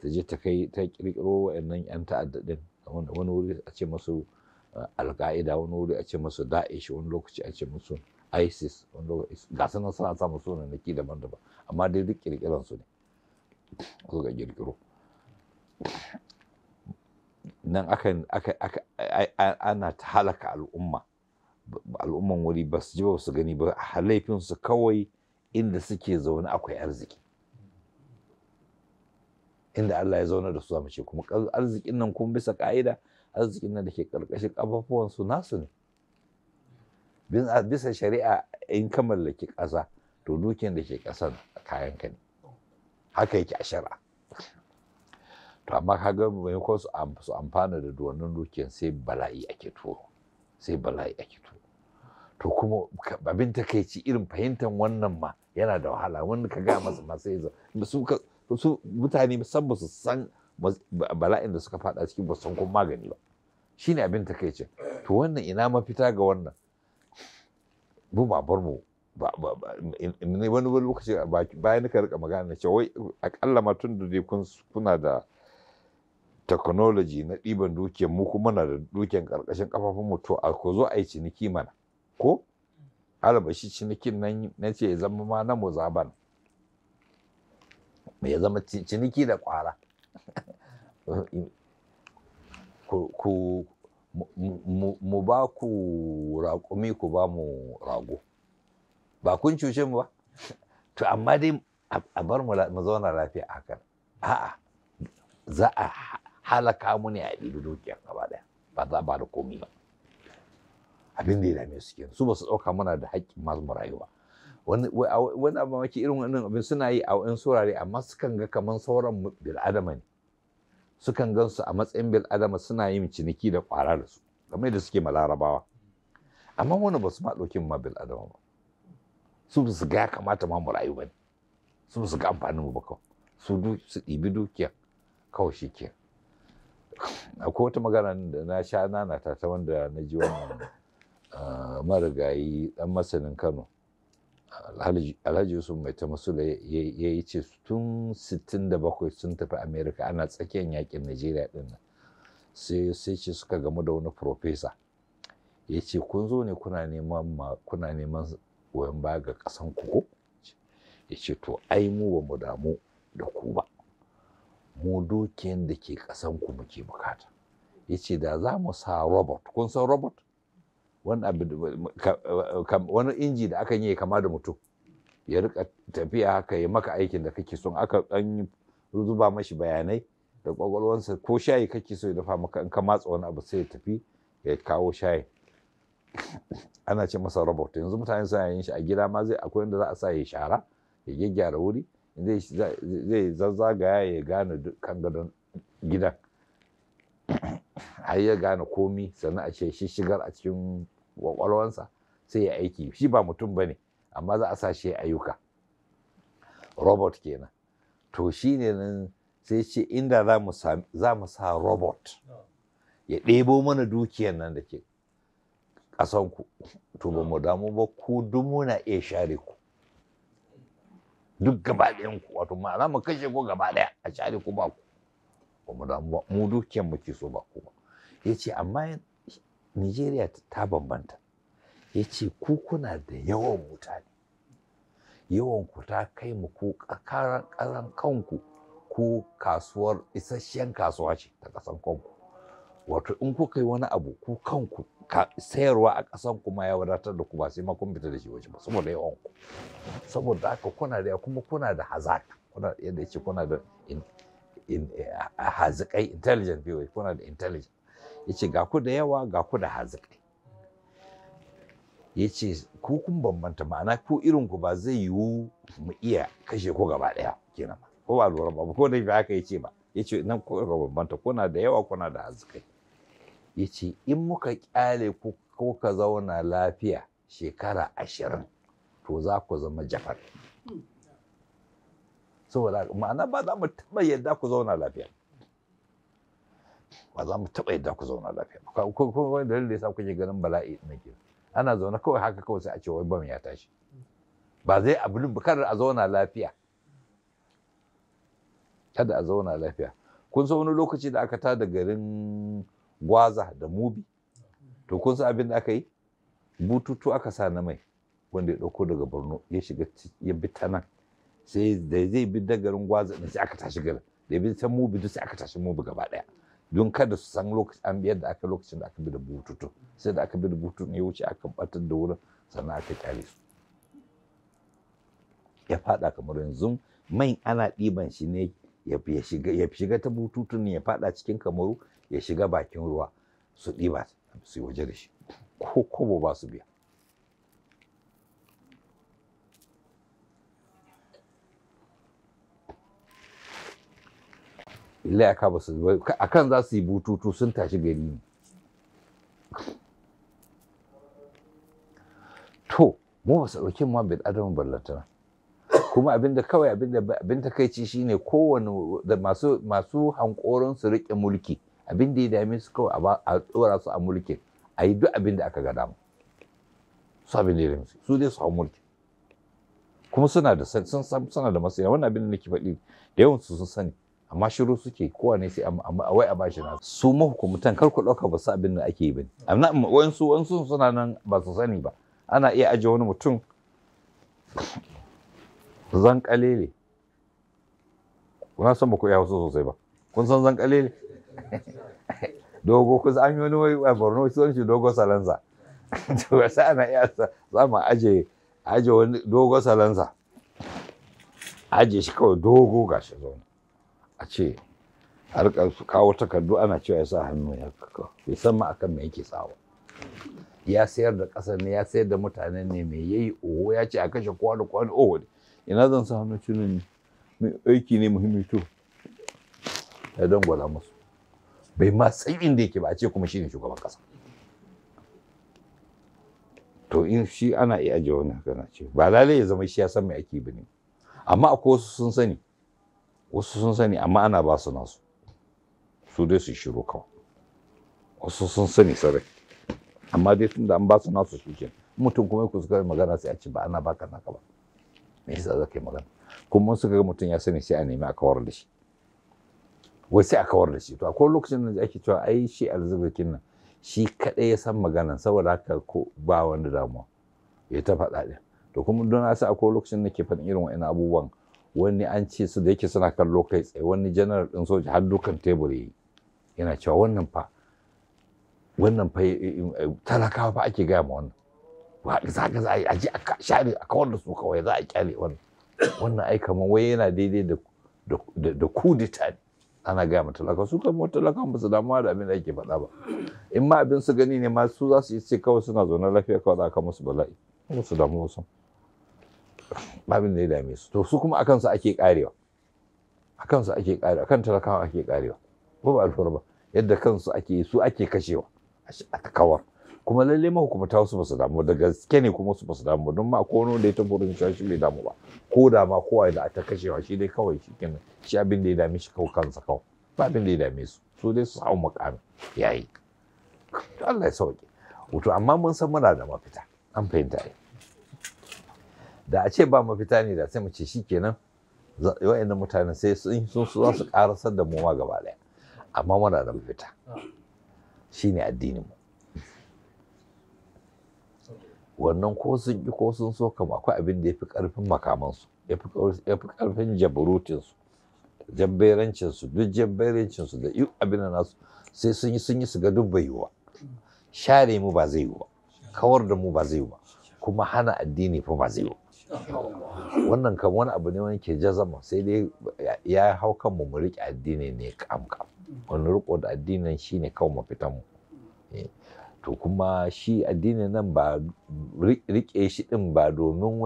ta je ta kai ta kirkiro wayannan yan ta'adda din wani wuri a ce musu eh, al wani wuri a ce musu da'ish wani lokaci a ce musu isis ga su suna samun sunanaki daban-daban amma dai duk kirkiran su ne su ga kirkiro nan ana ta halaka al'umma al'umman wuri ba su ji ba su gani ba laifin su kawai inda suke zaune akwai arziki inda Allah ya zauna da su zamu ce kuma arzikin nan kuma bisa ka'ida arzikin nan da ke karkashin kafafuwan su nasu ne bisa shari'a in ka mallaki ƙasa to dukiyar da ke ƙasan kayan ka ne haka yake a shari'a to amma ka mai maimakon su amfana da wannan dukiyar sai bala'i ake tuwo sai bala'i ake tuwo to kuma abin takaici irin fahimtar wannan ma yana da wahala wanda ka gaya masa masu yanzu su mutane san ba su san bala'in da suka faɗa cikin ba san kuma magani ba shine abin takaicin to wannan ina mafita ga wannan bu babar mu ba wani wani lokaci bayan nika rika magana ce wai akalla ma tun da kun kuna da technology na ɗiban dukiyar mu kuma na da dukiyar karkashin kafafun mu to a ko zo a yi ciniki mana ko alaba shi cinikin nan na ce ya zama ma na muzaban ya zama ciniki da ƙwara ku mu ba ku raƙumi ku ba mu rago ba kun cuce mu ba to amma dai a bar mu zauna lafiya a kan a'a za a halaka mu ne a ɗibi dukiyar gaba ɗaya ba za ba da komi ba abin da ya dame su kenan su ba su ɗauka muna da haƙƙin masu mu rayuwa wani abu maki irin wannan abin suna yi a wani saurare amma sukan ga kamar sauran bil'adama ne sukan gansu a matsayin bil adama suna yin ciniki da kwara da su kamar da suke malarabawa amma wani ba su ma ɗauki ma bil adama ba su su ga ya kamata ma mu rayu ba ne su su ga amfanin mu ba kawai su su ɗibi dukiya kawai shi ke akwai wata magana da na sha nana ta ta wanda na ji wannan ah, marigayi ɗan masanin kano alhaji yusuf mai ta ya yi ce tun 67 sun tafi Amerika, ana tsakiyar yakin najeriya din nan sai sai ce suka gamu da wani profesa ya ce kun zo ne kuna neman kuna neman wayan baya ga kasan kuku ya ce to ai mu ba mu damu da ku ba mu dukiyar da ke ƙasan ku muke bukata ya ce da za mu sa robot kun san robot wani inji da aka yi kama da mutum ya rika tafiya haka ya maka aikin da kake son aka dan zuba mashi bayanai da kwakwalwansa ko shayi kake so ya dafa maka in ka matsa wani abu sai ya tafi ya kawo shayi ana ce masa robot yanzu mutane suna yin shi a gida ma zai akwai inda za a sa ya shara ya gyaggyara wuri zai zazzagaya ya gane kan gadon gidan har ya gane komi sannan a ce shi shigar a cikin kwakwalwansa sai ya aiki shi ba mutum bane amma za a sa shi ayyuka robot kenan to shi ne nan sai ce inda za mu sa robot ya ɗebo mana dukiyan nan da ke ƙasanku to ba mu damu ba ku duk muna iya share ku duk gaba ku wato ma'ana mu kashe ku gaba ɗaya a share ku ba ku ba mu damu ba mu dukiyan muke so ba ku ba ya ce amma Nigeria ta bambanta ya ce ku kuna da yawan mutane yawan ku ta kai mu ku karan kanku ku kasuwar isasshen kasuwa ce ta ƙasan kanku wato in ku kai wani abu ku kanku ka sayarwa a ƙasan kuma ya wadatar da ku ba sai ma kun fita da shi waje ba saboda yawan ku saboda haka kuna da kuma kuna da hazaka kuna yadda ce kuna da eh, hazikai intelligent kuna da intelligent ya ce ga ku da yawa ga ku da hazikai ya ce ku kun bambanta ma'ana ko irin ku ba zai yiwu mu iya kashe ku gaba ɗaya kenan ko ba lura ba ko da haka ya ce ba ya ce nan ko ga bambanta kuna da yawa kuna da hazikai ya ce in muka kyale ku ko ka zauna lafiya shekara ashirin to za ku zama jafar saboda ma'ana ba za mu taɓa yadda ku zauna lafiya ba za mu taɓa yadda ku zauna lafiya ba ko ko da dalilin da yasa kuke ganin bala'i na ke ana zaune kawai haka kawai sai a ce wai bam ya tashi ba zai abu kar a zauna lafiya kada a zauna lafiya kun san wani lokaci da aka tada garin gwaza da mubi to kun san abin da aka yi bututu aka sa na mai wanda ya dauko daga borno ya shiga ya bi ta nan sai da zai bi da garin gwaza sai aka tashi garin da ya bi ta mubi duk sai aka tashi mubi gaba ɗaya don kada su san lokaci an biyar da aka lokacin da aka bi da bututu sai da aka bi da bututu ne wuce aka batar da wurin sannan aka kyale su ya fada kamar yanzu mai ana ɗiban shi ne ya shiga ta bututun ne ya fada cikin kamaru ya shiga bakin ruwa su ɗiba su yi waje da shi ko kobo ba su biya illa ya kaba su akan za su yi bututu sun tashi gari ne to mu ba su ɗauki ma bil adamu ballantana kuma abinda kawai abinda abin takaici shine kowane da masu masu hankoron su rike mulki abinda ya dame su kawai a tsora su a mulki. a yi duk abinda aka ga dama su abin da ya dame su su dai su hau mulki kuma suna da sun suna da masu wannan abin da nake faɗi da yawan su sun sani amma shiru suke ne sai a wai a bashi na su mahukumtan kar ku ɗauka ba su abin da ake yi ba amma wayansu wayansu suna nan ba su sani ba ana iya aje wani mutum zan kalele kuna san ba ku iya hausa sosai ba kun san zan kalele dogo ku an yi wani wai borno shi wani dogo salanza to sai ana iya za mu aje aje wani dogo salanza aje shi kawai dogo gashi zo a ce a rika kawo takardu ana cewa ya sa hannu ya kaka bai san ma akan me yake tsawa ya sayar da kasar ne ya sayar da mutane ne mai yayi oho ya ce a kashe kowa da kowa ne oho ina zan sa hannu cinin ne aiki ne muhimmi to ya dangwala musu bai ma san inda yake ba a ce kuma shine shugaban kasa to in shi ana iya ajiye wani haka ce ba lalai ya zama shi ya san me ake bane amma akwai wasu sun sani wasu sun sani amma ana ba su nasu su dai su shiro kawai wasu sun sani sarai amma dai tunda an ba su nasu su ke mutum kuma ku suka magana sai a ce ba ana baka naka ba me yasa za ka yi magana kuma wasu ga mutum ya sani sai a nemi a kawar da shi wai sai a kawar da shi to akwai lokacin da ake cewa ai shi alzubakin nan shi kadai ya san magana saboda haka ko ba wani damuwa ya ta faɗa ɗin to kuma don a sa akwai lokacin da ke faɗin irin wa'in abubuwan wani an ce su da yake suna kallo kai tsaye wani janar ɗin soja har dukan tebur yi yana cewa wannan fa wannan fa talakawa fa ake gaya ma wannan ba za ka za a ji aji a share a kawar da su kawai za a kyale wannan wannan ai kamar wai yana daidai da kudita ana gaya ma talaka su kan wata talakan ba su damuwa da abin da ake faɗa ba in ma abin su gani ne ma su za su yi ce kawai suna zaune lafiya kawai za a kama bala'i su damu wasu. ba abin da ya dame su to su kuma a su ake karewa a su ake karewa A kan talakawa ake karewa ko ba alfar ba yadda kansu ake su ake kashewa a kawar kuma lalle mahukumta wasu basu damu da gaske ne kuma su basu damu don ma ko wanda ya tabbatar cewa shi bai damu ba ko da ma kowa da ta kashewa shi dai kawai shi kenan shi abin da ya dame shi kawai kansa kawai ba abin da ya dame su su dai su samu makami yayi Allah ya sauke wato amma mun san muna da mafita an fahimta ai da a ce ba mafita ne da sai mu ce shikenan wa'annan mutane sai sun sun su za su karasar da mu ma gaba daya amma muna da mafita shine addinin mu wannan ko sun ki ko sun so kama akwai abin da yafi karfin makamansu yafi karfin jabarutinsu su duk su da abin da nasu sai sun yi sun yi su ga duk bai share mu ba zai yiwu ba kawar da mu ba zai yiwu ba kuma hana addini fa ba zai yiwu wannan kan wani abu ne wani ke jazama sai dai ya hau kan mu mu riƙe addini ne kam kam wani riƙo da addinin shi ne kawai mafitan mu eh, to kuma shi addini nan ba riƙe shi ɗin ba domin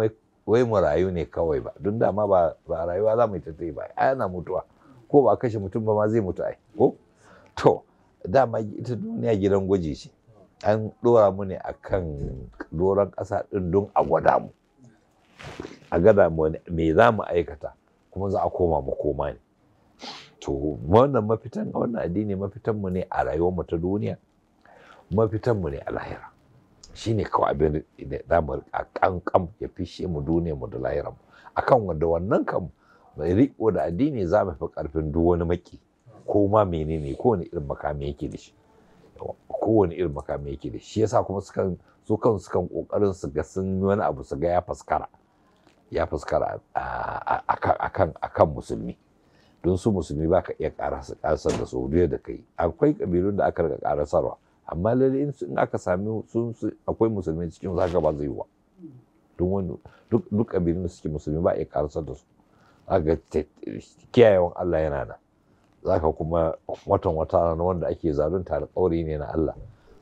wai mu rayu ne kawai ba don dama ba rayuwa za mu yi tattayi ba ai ana mutuwa ko ba kashe mutum ba ma zai mutu ai ko to dama ita duniya gidan gwaji ce an dora mu ne a kan doron ƙasa ɗin don a gwada mu a gada me za mu aikata kuma za a koma mu koma ne to wannan mafitan wannan addini mafitan mu ne a rayuwar mu ta duniya mafitan mu ne a lahira shine kawai abin da za mu kankan ya fishe mu duniya mu da lahira mu akan wanda wannan kan mai riko da addini za mu fi karfin duk wani maki ko ma menene wani irin makami yake da shi wani irin makami yake da shi yasa kuma sukan su kan sukan kokarin su ga sun wani abu su ga ya faskara ya fuskara a kan musulmi don su musulmi ba ka iya karasar da su da kai akwai kabilun da aka karasarwa amma lalle in aka sami sun akwai musulmi cikin zaka ba zai wa don wani duk kabilun da suke musulmi ba iya karasar da su zaka kiyayewan Allah yana nan zaka kuma watan wata na wanda ake zalunta alƙawari ne na Allah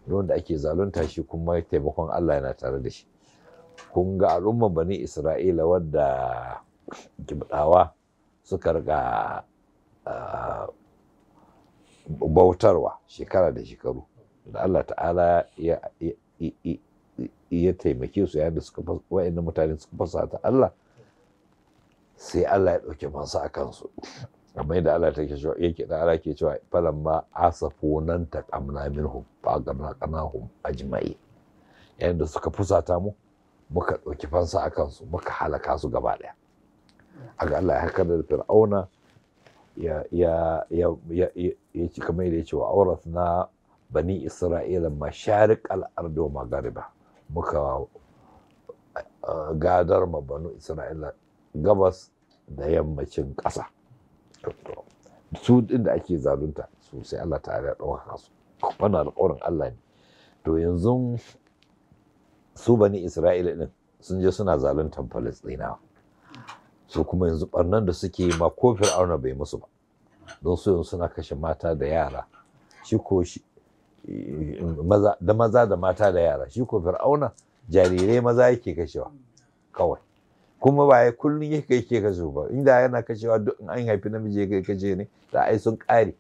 wanda ake zalunta shi kuma taimakon Allah yana tare da shi kun ga al'umman bani isra'ila wadda kibdawa suka riga ah, bautarwa shekara da shekaru da Allah ta'ala ya taimake su yadda suka wa'in mutane suka fasa ta Allah sai Allah ya ɗauki fansa a kansu amma yadda Allah ta yake da Allah ke cewa falamma asafu nan taqamna minhum fa agamna qanahum ajma'i yayin da suka fusata mu muka ɗauki fansa a kansu muka halaka su gaba ɗaya A ga Allah ya haka da fir'auna ya ya ci kamar yadda ya ce wa aurat na bani isra'ila sharik al'ardo gariba muka gadar ma banu isra'ila gabas da yammacin ƙasa su ɗin da ake zalunta sosai Allah ta ya ɗaukaka su wannan alƙawarin Allah ne to yanzu su bani isra'ila ɗin sun je suna zaluntar falastinawa su kuma yanzu barnan da suke yi ma ko fir'auna bai musu ba don su yanzu suna kashe mata da yara shi ko da maza da mata da yara shi ko fir'auna jarirai maza yake kashewa kawai kuma ba ya kullum yake yake kashe ba inda yana kashewa duk in an haifi namiji yake kashe ne da ai sun kare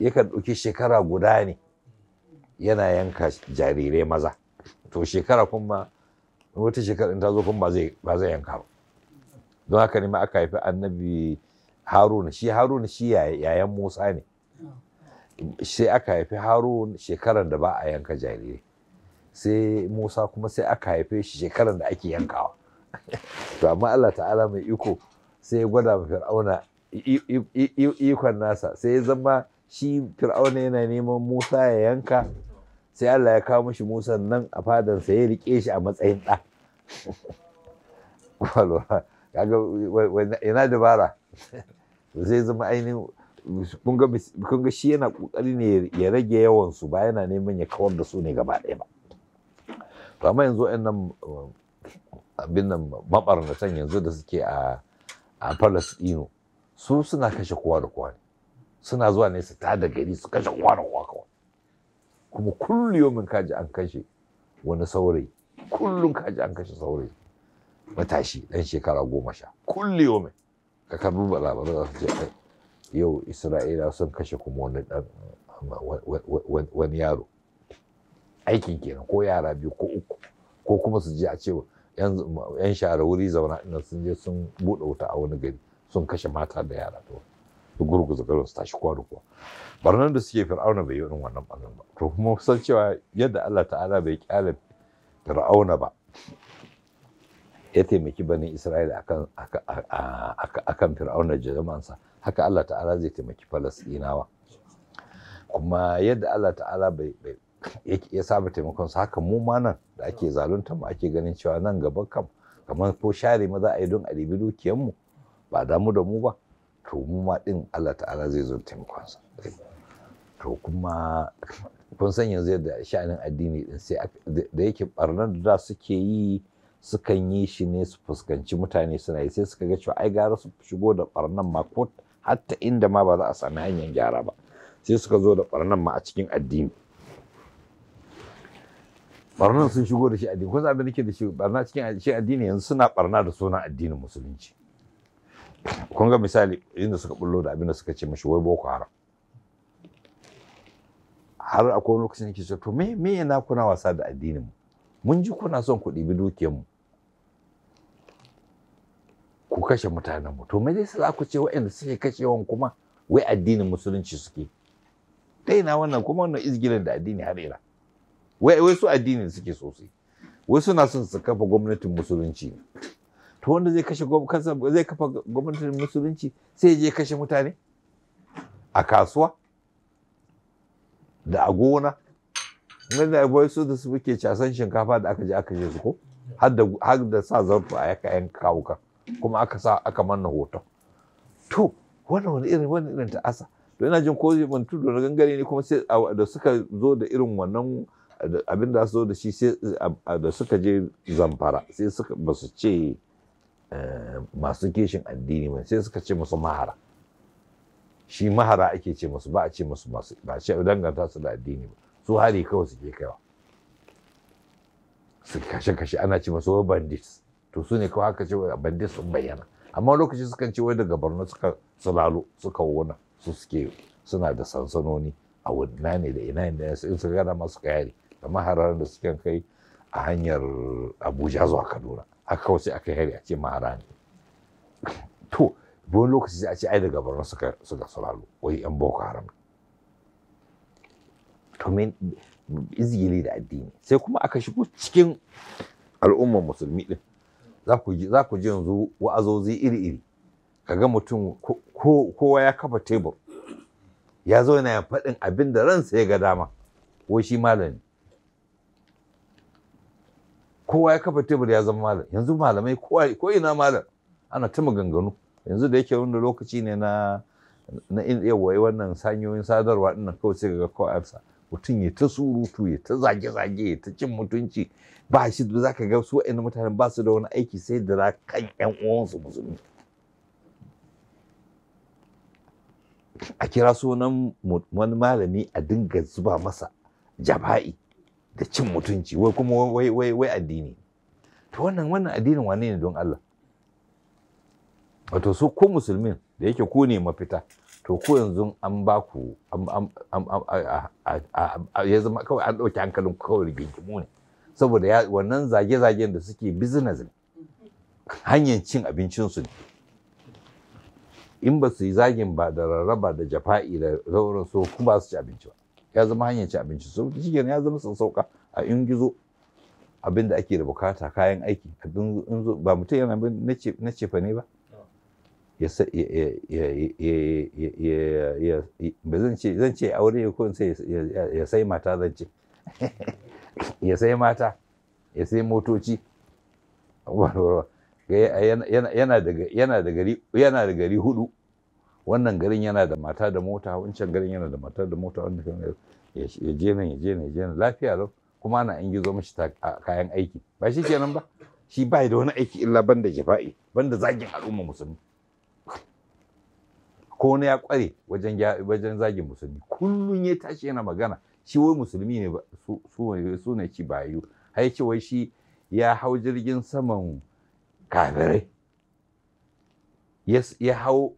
yakan ɗauki shekara guda ne yana yanka jarirai maza to shekara kuma wata shekara in ta zo kuma ba zai yanka ba don haka ne ma aka haifi annabi haruna shi haruna shi yayan musa ne sai aka haifi harun shekaran da ba a yanka jariri sai musa kuma sai aka haife shi shekaran da ake yankawa to amma allah ta'ala mai iko sai ya gwada ma fir'auna ikon nasa sai ya zama shi fir'auna yana neman musa ya yanka sai Allah ya kawo mishi Musa nan a sa ya rike shi a matsayin ɗa kaga yana dabara zai zama ainihin kun ga shi yana kokari ne ya rage yawan su ba yana neman ya kawar da su ne gaba ɗaya ba to amma yanzu ɗan nan abin nan mabarnatan yanzu da suke a a Palestino su suna kashe kowa da kowa suna zuwa ne su ta da gari su kashe kowa da kowa kuma kulliyomin kaji an kashe wani saurayi kullum kaji an kashe saurayi matashi ɗan shekara goma sha kulliyomin ka karbi bala za su ce yau isra'ila sun kashe kuma wani ɗan wani yaro aikin kenan ko yara biyu ko uku ko kuma su je a ce yan share wuri zauna ina sun je sun buɗe wuta a wani gari sun kashe mata da yara to da gurguza da su tashi kwa da kuwa barnan da suke fir'auna bai yi irin wannan ɓangaren ba to kuma san cewa yadda Allah ta'ala bai kyale fir'auna ba ya taimaki banin Isra'ila akan akan fir'auna jama'ansa haka Allah ta'ala zai taimaki Falasɗinawa kuma yadda Allah ta'ala bai ya saba taimakon sa haka mu ma nan da ake zalunta mu ake ganin cewa nan gaban kam kamar ko share maza za a yi don a ribi dukiyar mu ba damu da mu ba to mu ma din Allah ta'ala zai zo taimakonsa to kuma kun san yanzu yadda sha'anin addini din sai da yake ɓarnar da suke yi sukan yi shi ne su fuskanci mutane suna yi sai suka ga cewa ai gara su shigo da barnan ma ko hatta inda ma ba za a sami hanyar gyara ba sai suka zo da barnan ma a cikin addini barnan sun shigo da shi addini kun san abin da ke da shi barna cikin shi addini yanzu suna barna da sunan addinin musulunci Kunga ga misali inda suka bullo da abinda suka ce mashi wai boko haram har akwai wani lokacin yake to me me yana kuna wasa da addinin mu mun ji kuna son ku ɗibi dukiyar mu ku kashe mutanen mu to me zai sa ku ce wa'anda suke kashewan kuma wai addinin musulunci suke dai na wannan kuma wannan izgilan da addini har ila wai wai su addini suke sosai wai suna son su kafa gwamnatin musulunci ne to wanda zai kashe kansa zai kafa gwamnatin musulunci sai je kashe mutane a kasuwa da a gona wanda abuwa su da su muke casan shinkafa da aka je aka je su ko har da sa zarfu a yaka yan kawuka kuma aka sa aka manna hoton to wannan wani irin wani irin ta'asa to ina jin ko ban tudu na gangare ne kuma sai da suka zo da irin wannan abin da su zo da shi sai da suka je zamfara sai suka ba su ce Eh, masu kishin addini mai sai suka ce musu mahara shi mahara ake ce musu ba a ce musu masu ba a ce danganta su da addini ba su hari kawai suke kaiwa su kashe kashe ana ce musu wai bandits to su ne kawai aka ce bandits sun bayyana amma lokaci sukan ce wai daga borno suka sulalo suka wuna su suke suna da sansanoni a wudna ne da ina ne in su gana masu kayari da maharar da suke kai a hanyar abuja zuwa kaduna haka kawai sai aka hari a ce mara ne to lokaci sai a ce ai daga barna suka suka sulalo wai yan boko haram to men izgili da addini sai kuma aka shigo cikin al'ummar musulmi din za ku ji yanzu wa'azozi iri-iri kaga mutum kowa ya kafa tebur ya zo yana faɗin abin da ransa ya ga dama wai shi malami kowa ya kafa tebur ya zama malam yanzu malamai ko ina malam ana ta maganganu yanzu da yake wanda lokaci ne na na yawaye wannan sanyoyin sadarwa dinnan kawai sai ga kawai mutum ya ta surutu ya ta zage-zage ya ta cin mutunci ba shi da za ga su wa'annan mutanen ba su da wani aiki sai da kan yan uwansu musulmi a kira sunan wani malami a dinga zuba masa jaba'i da cin mutunci wai kuma wai wai wai addini to wannan wannan addinin wane ne don Allah wato su ko musulmin da yake ko ne mafita to ko yanzu an ba ku ya zama kawai an ɗauki hankalin kawai rigingimu ne saboda wannan zage-zagen da suke business ne hanyar cin abincinsu ne in ba su yi zagin ba da rarraba da jafa'i da sauransu kuma su ci abinci ba ya zama hanyar ci abinci so shi kenan ya zama sassauka a in gizo abin da ake da bukata kayan aiki abin ba mutum yana na cefa ne ba zan ce aure ya ya, sai ya sai mata zan ce ya sai mata ya sai motoci yana da gari hudu wannan garin yana da mata da mota wancan garin yana da mata da mota wannan ya je nan ya je nan ya je nan lafiya lau kuma ana an gizo mishi kayan aiki ba shi kenan ba shi ba da wani aiki illa banda jifa'i banda zagin al'umma musulmi ko wani ya kware wajen wajen zagin musulmi kullun ya tashi yana magana shi wai musulmi ne su su ne ci bayu har ya wai shi ya hau jirgin saman kafirai ya hau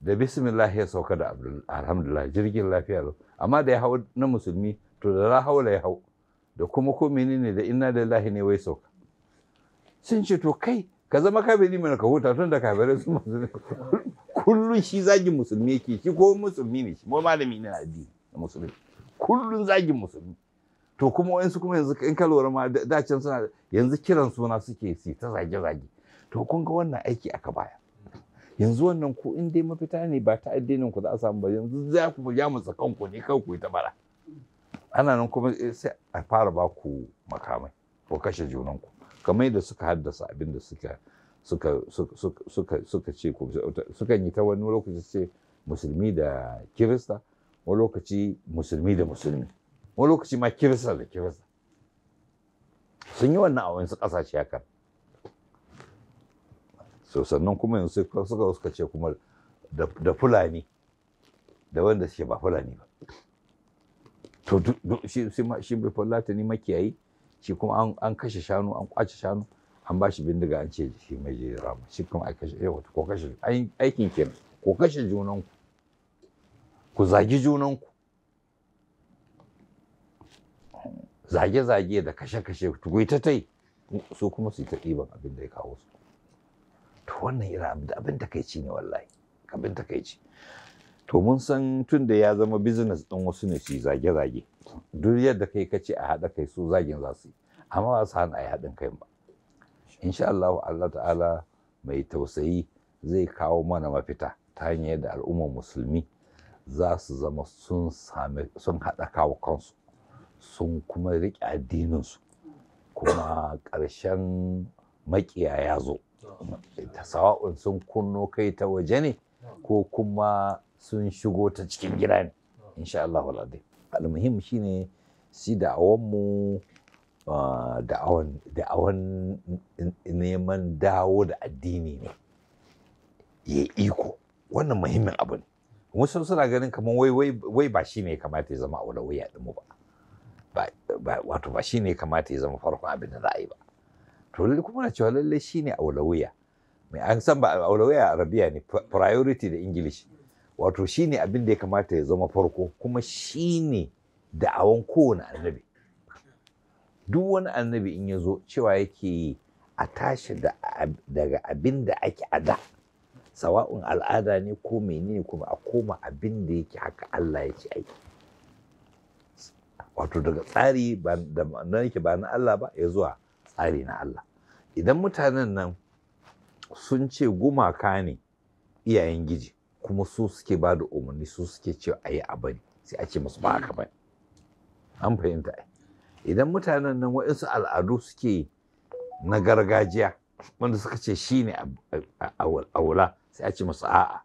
da bismillah ya sauka da alhamdulillah jirgin lafiya lau amma da ya hau na musulmi to da la haula ya hau da kuma ko menene da inna lillahi ne wai sauka sun ce to kai ka zama kabiri mana ka huta tun da kafirai su musulmi kullun shi zagin musulmi yake shi ko musulmi ne shi mu malami ne na addini na musulmi kullun zagin musulmi to kuma wayansu kuma yanzu in ka lura ma dacin suna yanzu kiran suna suke si ta zage zage to kun ga wannan aiki aka baya yanzu wannan ku in dai mafita ne ba ta addinin ku za a samu ba yanzu za ku ya musa kanku ne kan ku yi ta bara ana nan kuma eh, sai a fara ba ku makamai ko kashe junan ku kamar yadda suka haddasa abin da suka suka suka suka ce ku suka yi ta wani lokaci ce musulmi da kirista wani lokaci musulmi da musulmi wani lokaci ma kirista da kirista sun yi wannan a wasu ƙasashe haka so sannan kuma yanzu sai suka suka ce kuma da fulani da wanda suke ba fulani ba to shi bai fulata ni makiyayi shi kuma an kashe shanu an kwace shanu an ba shi bindiga an ce shi mai je rama shi kuma a kashe yawa eh, ko kashe aikin kenan ko kashe junanku ku zagi junanku zage-zage da kashe-kashe ku yi ta tai su kuma su yi ta ɗiban abin da ya kawo su to wannan irin abin takaici ne wallahi abin takaici to mun san tun da ya zama business din wasu ne su zage-zage duk yadda kai kace a haɗa kai su zagin za su yi amma ba su hana a yi haɗin kai ba insha Allah Allah ta'ala mai tausayi zai kawo mana mafita ta hanyar da al'ummar musulmi za su zama sun sami sun haɗa kawo kansu sun kuma riƙe addininsu kuma ƙarshen maƙiya ya zo Tasawa sun kunno kai ta waje ne ko kuma sun shigo ta cikin gida ne insha Allah wal'adai almuhim shine si mu da'awan neman dawo da addini ne ya iko wannan muhimmin abu ne wasu suna ganin kamar wai ba shi ne kamata ya zama wai ya ɗinmu ba wato ba shi ne kamata ya zama farkon abin da za yi ba to lalle kuma na cewa lalle shine aulawiya mai an san ba aulawiya arabiya ne priority da english wato shine abin da ya kamata ya zama farko kuma shine da'awan kowane annabi duk wani annabi in ya zo cewa yake a tashi daga abin da ake da. sawa'un al'ada ne ko menene kuma a koma abin da yake haka Allah ya ce aiki wato daga tsari da na yake ba na Allah ba ya zuwa tsari na Allah idan mutanen nan sun ce gumaka ne iyayen giji kuma su suke ba da umarni su suke cewa a yi abin sai a ce musu ba haka ba an fahimta idan mutanen nan waɗansu al'adu suke na gargajiya wanda suka ce shi ne a wula sai a ce musu a'a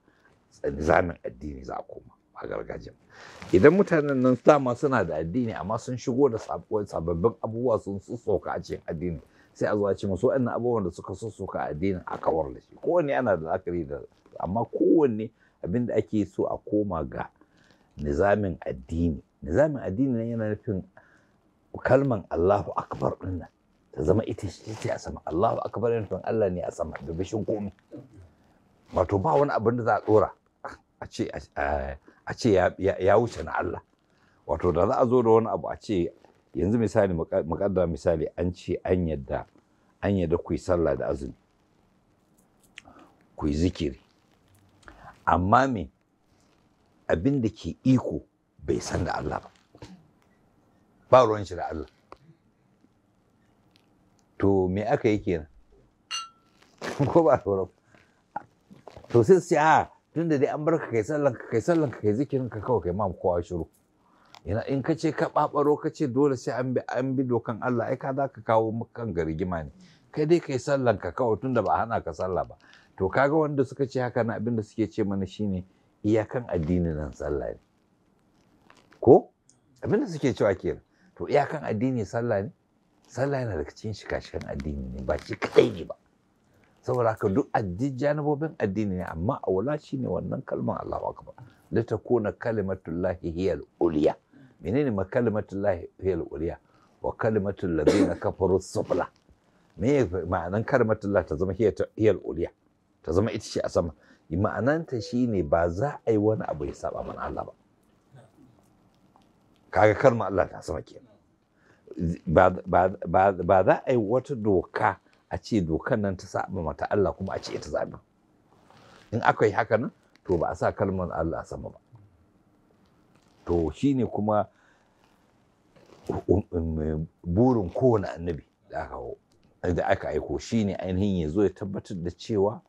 zanen addini za a koma a gargajiya idan mutanen nan dama suna da addini amma sun shigo da sababbin abubuwa sun soka a cikin addini sai a zuwa ce masu wa'annan abubuwan da suka soka a addinin a kawar da shi kowanne ana da la'akari da amma kowanne abinda ake so a koma ga nizamin addini nizamin addini nan yana nufin kalman Allahu akbar din nan ta zama ita ce a sama Allahu akbar nufin Allah ne a sama da bishin komi wato ba wani abin da za a dora a ce a ce ya wuce na Allah wato da za a zo da wani abu a ce yanzu misali muƙaddara misali an ce an yadda an yadda ku yi sallah da azumi ku yi zikiri amma me abin da ke iko bai san da Allah ba ba ruwan shi da Allah to me aka yi kenan ko ba to sai sai Tunda da dai an bar ka kai sallan ka kai sallan ka kai zikirin ka kawai kai ma kowa shiru ina in ka ce ka babaro ka ce dole sai an bi an bi dokan Allah ai ka za ka kawo kan garigima ne kai dai kai sallan ka kawai tunda ba ba hana ka salla ba to kaga wanda suka ce haka na abinda suke ce mana shine iyakan addini nan sallah ne ko abinda suke cewa kenan to iyakan addini sallah ne sallah yana daga cikin shikashikan addini ne ba shi kadai ne ba saboda haka duk addini janibobin addini ne amma shi shine wannan kalman Allahu akbar la takuna lahi hiyal uliya menene ma lahi hiyal uliya wa kalimatul ladina kafaru sufla me ma'anan lahi ta zama hiyal uliya ta zama ita ce a sama ma'ananta shine ba za a yi wani abu ya saba mana Allah ba kaga kalmar Allah ta sama kenan ba za a yi wata doka a ce dokan nan ta saba mata Allah kuma a ce ita zabi in aka yi haka nan to ba a sa kalmar Allah a sama ba to shine kuma um, um, burin kowane annabi da aka da aka aiko shine ainihin ya zo ya tabbatar da cewa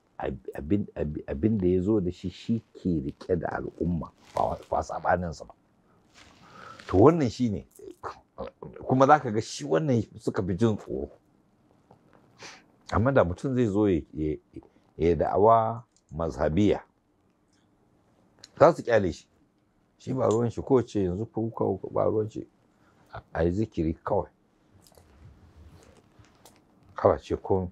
abin da ya zo da shi shi ke rike da al'umma ba saɓaninsa ba to wannan shine kuma za ka ga shi wannan suka fi jin tsoro amma da mutum zai zo ya da'awa mazhabiya za su kyale shi shi ba ruwan shi ko ce yanzu kuka ba ruwan shi a yi zikiri kawai ce ko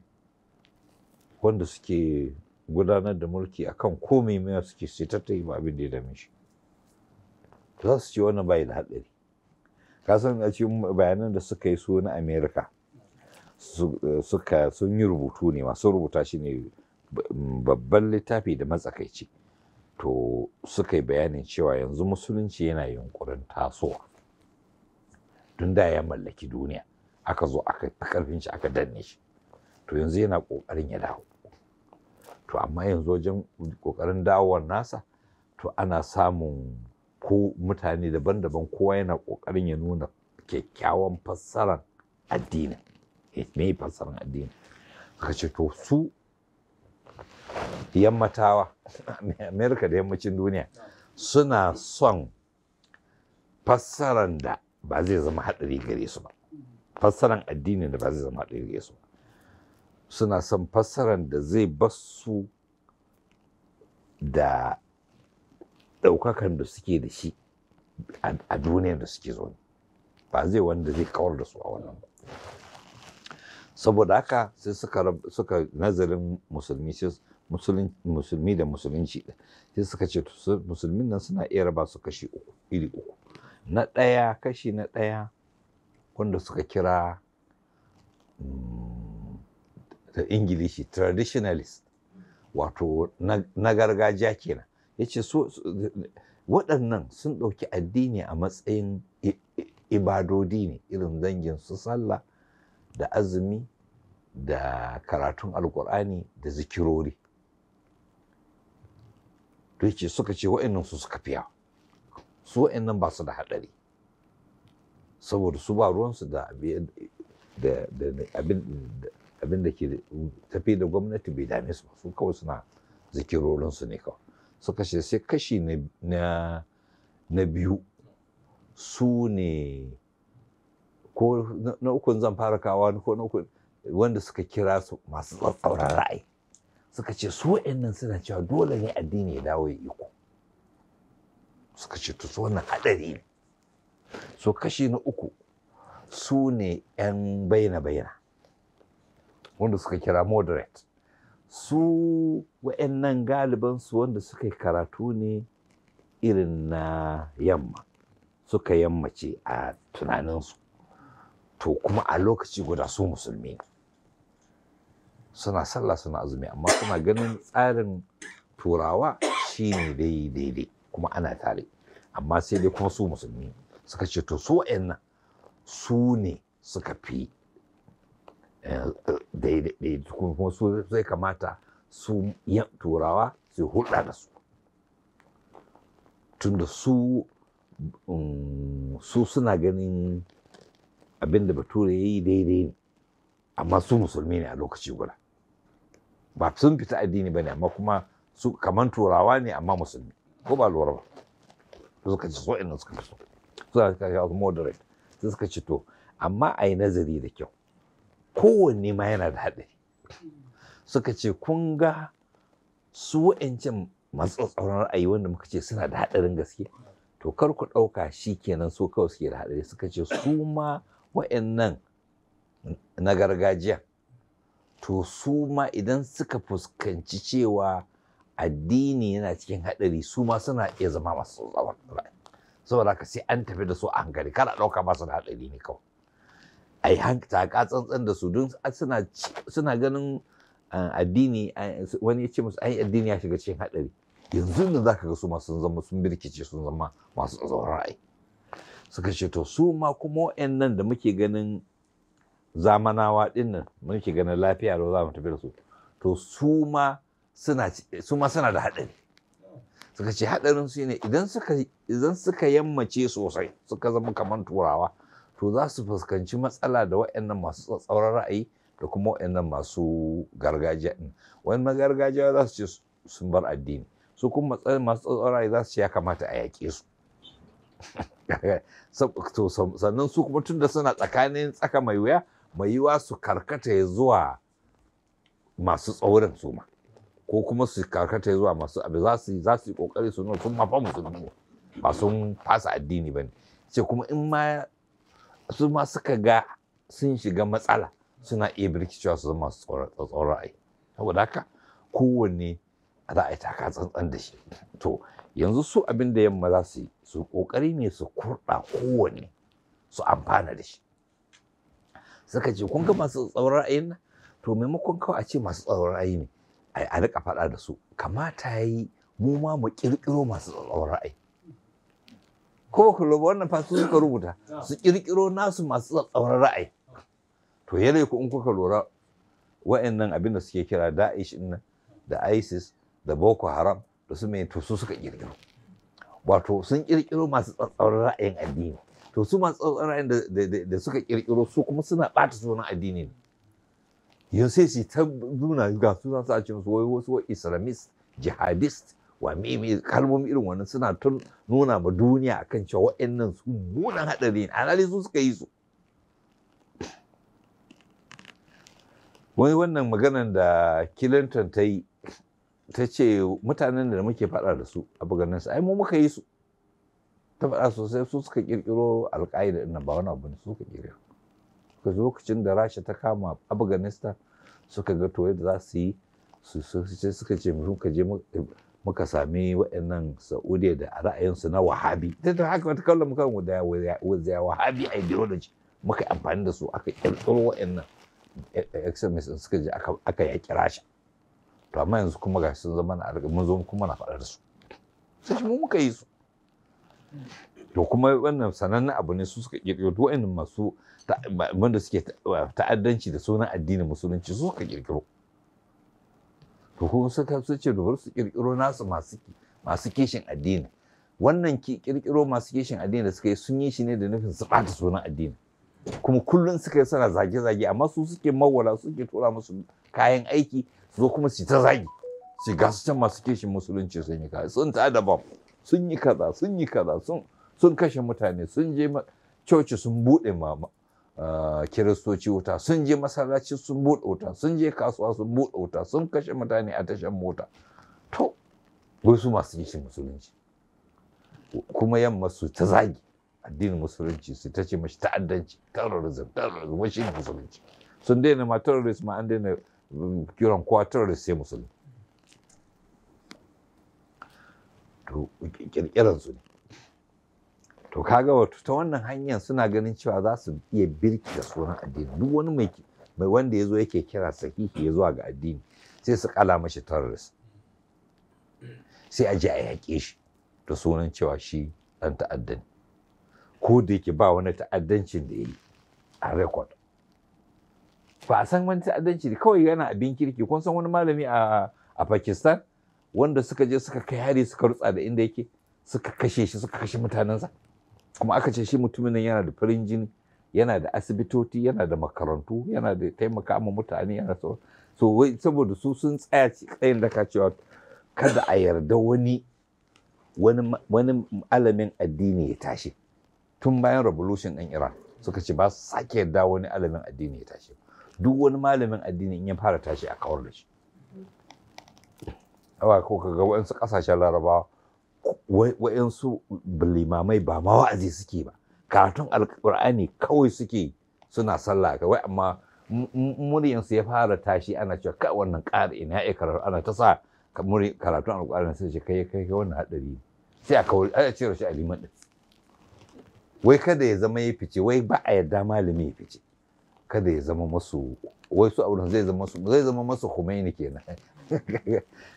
wanda suke gudanar da mulki akan komai mai suke sai ta yi ba da ya dame shi za su ce wannan bai da haɗari kasan a cikin bayanan da suka yi su na amerika suka sun yi rubutu ne masu rubuta shi ne babban littafi da matsakaici to suka yi bayanin cewa yanzu musulunci yana yunkurin tasowa tun da ya mallaki duniya aka zo aka karfin shi aka danne shi to yanzu yana kokarin ya dawo to amma yanzu wajen kokarin dawowar nasa to ana samun ko mutane daban-daban kowa yana kokarin ya nuna kyakkyawan fassarar addinin me fassarar addini suka ce to su yammatawa amerika da yammacin duniya suna son fassaran da ba zai zama haɗari gare su ba fassaran addini da ba zai zama haɗari gare su ba suna son fassaran da zai su da ɗaukakan da suke da shi a duniyar da suke zaune ba zai wanda zai kawar da su a wannan ba saboda haka sai suka suka nazarin musulmi musulmi da musulunci sai suka ce musulmin nan suna iya raba su kashi uku iri uku na ɗaya kashi na ɗaya wanda suka kira mm, da ingilishi traditionalist wato na gargajiya kenan ya ce waɗannan sun ɗauki addini a matsayin ibadodi ne irin dangin su sallah da azumi da karatun alkur'ani da zikirori to yace suka ce wa'annan su suka fiya su wa'annan ba su da haɗari saboda su ba ruwansu da abin da ke tafi da gwamnati bai dame su ba su kawai suna zikirorinsu ne kawai suka ce sai kashi na biyu su ne ko na ukun zan fara kawa ko na ukun wanda suka kira su masu tsatsauran ra'ayi suka ce su wa'annan suna cewa dole ne addini ya dawo ya iko suka ce to su wannan hadari ne so kashi na uku su ne 'yan baina-baina wanda suka kira moderate su wa'annan galibansu wanda suka yi karatu ne irin na yamma suka yammace a tunaninsu to kuma a lokaci guda su musulmi suna sallah suna azumi amma suna ganin tsarin turawa shi ne daidai kuma ana tare amma sai dai kuma su musulmi suka ce to su wa'annan su ne suka fi eh, daidai kuma su zai kamata su turawa su hulɗa da su tunda su mm, suna ganin abin da bature ya yi daidai ne amma su musulmi ne a lokaci guda ba sun fita addini ba ne amma kuma su kaman turawa ne amma musulmi ko ba lura ba suka ci so inda suka so suka wasu moderate Su suka ci to amma a yi nazari da kyau kowanne ma yana da haɗari suka ce kun ga su wa'ancan masu tsaron ra'ayi wanda muka ce suna da haɗarin gaske to kar ku ɗauka shi kenan su kawai suke da haɗari suka ce su ma wa'annan na gargajiya to su ma idan suka fuskanci cewa addini yana cikin haɗari su ma suna iya zama masu tsawon saboda haka sai an tafi da su a hankali kar a ɗauka masu da haɗari ne kawai a yi taka tsantsan da su don suna ganin addini wani ya ce musu ai addini ya shiga cikin haɗari yanzu da za ka ga su ma sun zama sun birkice sun zama masu tsawon ra'ayi suka ce to su ma kuma nan da muke ganin zamanawa dinnan muke ganin lafiya da za mu tafi da su to su ma suna da haɗari suka ce haɗarin su ne idan suka yammace sosai suka zama kamar turawa to za su fuskanci matsala da waɗannan masu tsatsauran ra'ayi da kuma waɗannan masu gargajiya din wani gargajiya za su ce sun bar addini su kuma masu tsatsauran ra'ayi za su ce ya kamata a yaƙe su to sannan su kuma tun da suna tsakanin tsaka mai wuya mai yiwa su karkata ya zuwa masu tsaurin su ma ko kuma su karkata ya zuwa masu abu za su yi kokari su nuna sun mafa musulmi ba sun fasa addini ba ne ce kuma in ma su ma suka ga sun shiga matsala suna iya birkicewa su zama su tsoron ai saboda haka kowanne za a yi taka tsantsan da shi to yanzu su abin da yamma za su yi su ƙoƙari ne su kurɗa kowane su amfana da shi suka ce kun ga masu tsaurar ra'ayin nan to maimakon kawai a ce masu tsaurar ra'ayi ne a rika faɗa da su kamata ya yi mu ma mu ƙirƙiro masu tsaurar ra'ayi ko ku wannan fa su suka rubuta su ƙirƙiro nasu masu tsaurar ra'ayi to yare ku in kuka lura wa'annan abin da suke kira da'ish da isis da boko haram da su mai to su suka ƙirƙiro wato sun kirkiro masu tsatsauran ra'ayin addini to su masu tsatsauran ra'ayin da suka kirkiro su kuma suna ɓata sunan addini ne yau sai su ta nuna ga su za su ce wai wasu islamist jihadist wa mimi kalmomi irin wannan suna tun nuna ma duniya akan cewa wa'annan su munan haɗari ne alhali su suka yi su wai wannan maganar da Clinton ta yi ta ce mutanen da muke faɗa da su a buganin su ai mu muka yi su ta faɗa sosai su suka kirkiro alƙa'ida ɗin ba wani abu ne su suka kirkiro suka lokacin da rasha ta kama afghanistan suka ga to yadda za su yi su suka ce mu ka je muka sami waɗannan sa'udi da ra'ayinsu na wahabi ta da haka wata kallon muka da wahabi ideology muka amfani da su aka kirkiro waɗannan eh, eh, extremists suka je aka yaƙi rasha to amma yanzu kuma ga sun zama na mun zo kuma na faɗar su sai shi mu muka yi su to kuma wannan sanannen abu ne su suka kirkiro to wa'annan masu wanda suke ta'addanci da sunan addinin musulunci su suka kirkiro to kuma suka ta ce da su kirkiro nasu masu masu keshin addini wannan ki kirkiro masu keshin addini da suka yi sun yi shi ne da nufin su ɓata sunan addini kuma kullum suka yi suna zage-zage amma su suke mawala suke tura musu kayan aiki zo kuma su ta zagi su ga su can masu kishin musulunci sun yi kaza sun ta da sun yi kaza sun yi kaza sun sun kashe mutane sun je coci sun buɗe mama ah, kiristoci wuta sun je masallaci sun buɗe wuta sun je kasuwa sun buɗe wuta sun kashe mutane a tashan mota to wai su masu kishin musulunci kuma yamma su ta zagi addinin musulunci su ta ce mashi ta'addanci terrorism terrorism shi musulunci sun daina ma terrorism an daina kiran kwatar sai musulmi to kirkiran ne to kaga wato ta wannan hanyar suna ganin cewa za su iya birki da sunan addini duk wani mai mai wanda ya zo yake kira sahihi ya zuwa ga addini sai su kala mashi terrorist sai a je a yaƙe shi da sunan cewa shi ɗan ta'addan. ko da yake ba wani ta'addancin da ya yi a record ba a san wani ta'addanci da kawai yana abin kirki kun san wani malami a a Pakistan wanda suka je suka kai hari suka rutsa da inda yake suka kashe shi suka kashe mutanensa kuma aka ce shi mutumin nan yana da farin jini yana da asibitoti yana da makarantu yana da taimaka ma mutane yana so so saboda su sun tsaya tsayin daka cewa kada a yarda wani wani wani alamin addini ya tashi tun bayan revolution ɗin Iran suka ce ba su sake yarda wani alamin addini ya tashi duk wani malamin addini in ya fara tashi a kawar da shi awa ko kaga wa'yansu ƙasashen larabawa wa'yansu limamai ba ma wa'azi suke ba karatun alƙur'ani kawai suke suna sallah kawai amma muryansu ya fara tashi ana cewa kai wannan ƙara ina ya karatu ana ta sa karatun alƙur'ani sai ce kai kai wannan haɗari sai a kawai a cire shi a liman ɗin wai kada ya zama ya fice wai ba a yarda malami ya fice kada ya zama masu wai su abu zai zama masu zai zama masu Khomeini kenan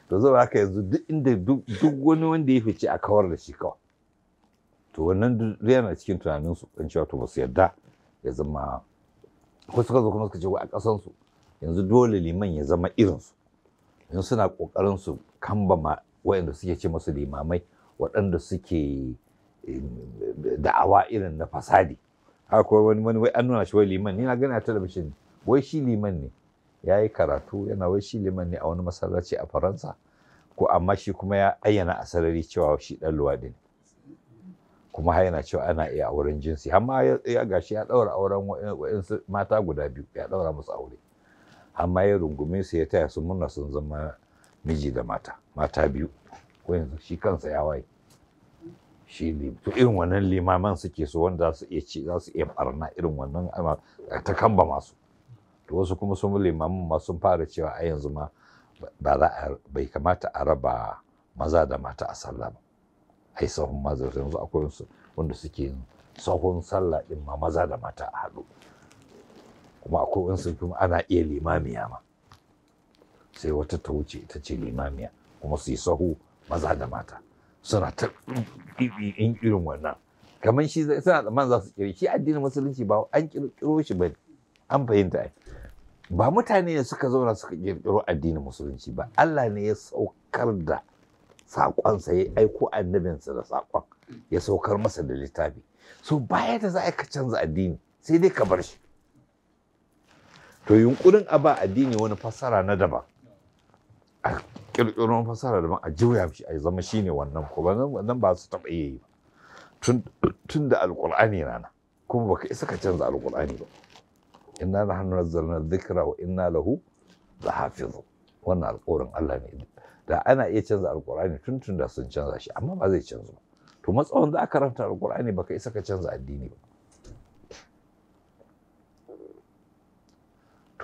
to zo haka yanzu duk inda duk wani wanda ya fice a kawar da shi kawai to wannan yana cikin tunanin su an cewa to basu yarda ya zama ko suka zo kuma suka ce a kasan su yanzu dole liman ya zama irin su yanzu suna kokarin su kambama waɗanda suke ce masu limamai waɗanda suke eh, da'awa irin na fasadi akwai wani wani wai an nuna shi wai liman ni na gani a talabishin wai shi liman ne ya yi karatu yana wai shi liman ne a wani masallaci a faransa ko amma shi kuma ya ayyana a sarari cewa shi dan luwaɗi kuma har yana cewa ana iya auren jinsi amma ya gashi ya ɗaura auren wa'insu mata guda biyu ya ɗaura musu aure amma ya rungume su ya taya su murna sun zama miji da mata mata biyu ko yanzu shi kansa ya waye shi to irin wannan limaman suke so wanda za su iya ci za su iya barna irin wannan ta kamba masu to wasu kuma sun limaman ma sun fara cewa a yanzu ma ba za a bai kamata a raba maza da mata a sallah ba ai sahun maza yanzu akwai wanda suke yin sahun sallah din ma maza da mata a haɗu kuma akwai wasu kuma ana iya limamiya ma sai wata ta wuce ita ce limamiya kuma su yi sahu maza da mata suna ta in irin wannan kamar shi suna tsammanin za su kiri shi addinin musulunci ba an kirkiro shi ba an fahimta ba mutane ne suka zauna suka kirkiro addinin musulunci ba Allah ne ya saukar da saƙonsa ya aiko annabinsa da saƙon ya saukar masa da littafi so baya da za a ka canza addini sai dai ka bar shi to yunƙurin a ba addini wani fassara na daban ƙirƙiron fasara daban a juya shi a zama shine wannan ko nan ba su taɓa yi ba tun da alƙur'ani rana kuma baka isa ka canza alƙur'ani ba inna nahnu nazzalna dhikra wa inna lahu hafizu wannan alƙawarin Allah ne da ana iya canza alƙur'ani tun tun da sun canza shi amma ba zai canza ba to matsawan da aka ranta alƙur'ani baka isa ka canza addini ba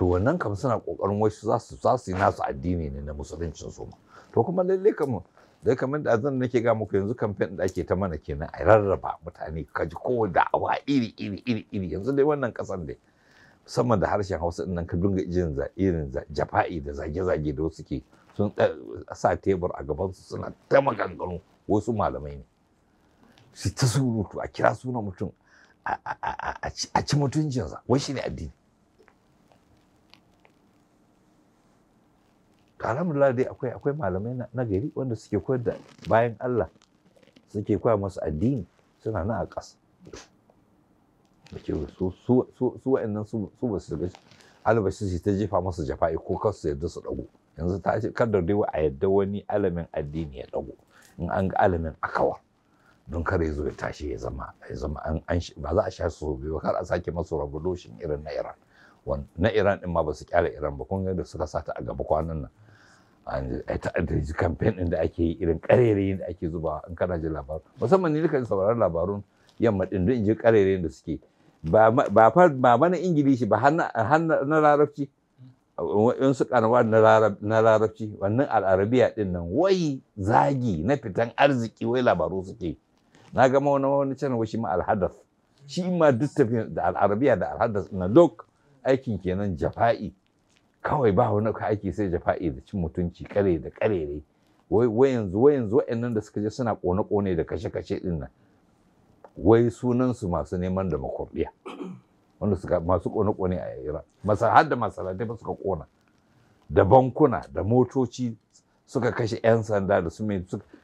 to wannan kam suna kokarin wasu za su za su yi nasu addini ne na musulunci su ma to kuma lalle kam dai kamar da zan nake ga muku yanzu kamfen da ake ta mana kenan a rarraba mutane kaji ji ko da'awa iri iri iri iri yanzu dai wannan kasan dai musamman da harshen hausa din nan ka dunga jin irin jafa'i da zage-zage da wasu ke sun eh, sa tebur a gaban su suna ta maganganu wasu malamai ne su ta surutu a kira sunan mutum a ci mutuncinsa wai shi ne addini alhamdulillah dai akwai akwai malamai na gari wanda suke koyar da bayan Allah suke koya masu addini suna nan a ƙasa su wa'annan su ba su ga albashi su ta jefa masu jafa'i ko kar su yarda su dago yanzu ta ce kada dai a yarda wani alamin addini ya dago in an ga alamin akawa don kare zo ya tashi ya zama ya zama an ba za a sha su biyu kar a sake masu revolution irin na Iran na Iran din ma ba su kyale Iran ba kun ga da suka sata a gaba kwanan nan ji kamfen ɗin da ake yi irin ƙarerayin da ake zubawa in kana jin labaru musamman ni kan sauraron labarun yamma ɗin don in ji ƙarerayin da suke ba ba ba mana ingilishi ba har na larabci in su karwa na larabci wannan al'arabiya ɗin nan wai zagi na fitan arziki wai labaru suke na gama wani wani wa shi ma alhadas shi ma duk tafiya da al'arabiya da alhadas na dok aikin kenan jafa'i kawai ba wani ka aiki sai jafa'i da cin mutunci kare da ne wai yanzu wai yanzu wa'annan da suka je suna kone-kone da kashe-kashe din nan wai sunansu masu neman da makurdiya wanda suka masu kone-kone a Iran masa har da masalatai ba suka kona da bankuna da motoci suka kashe 'yan sanda da su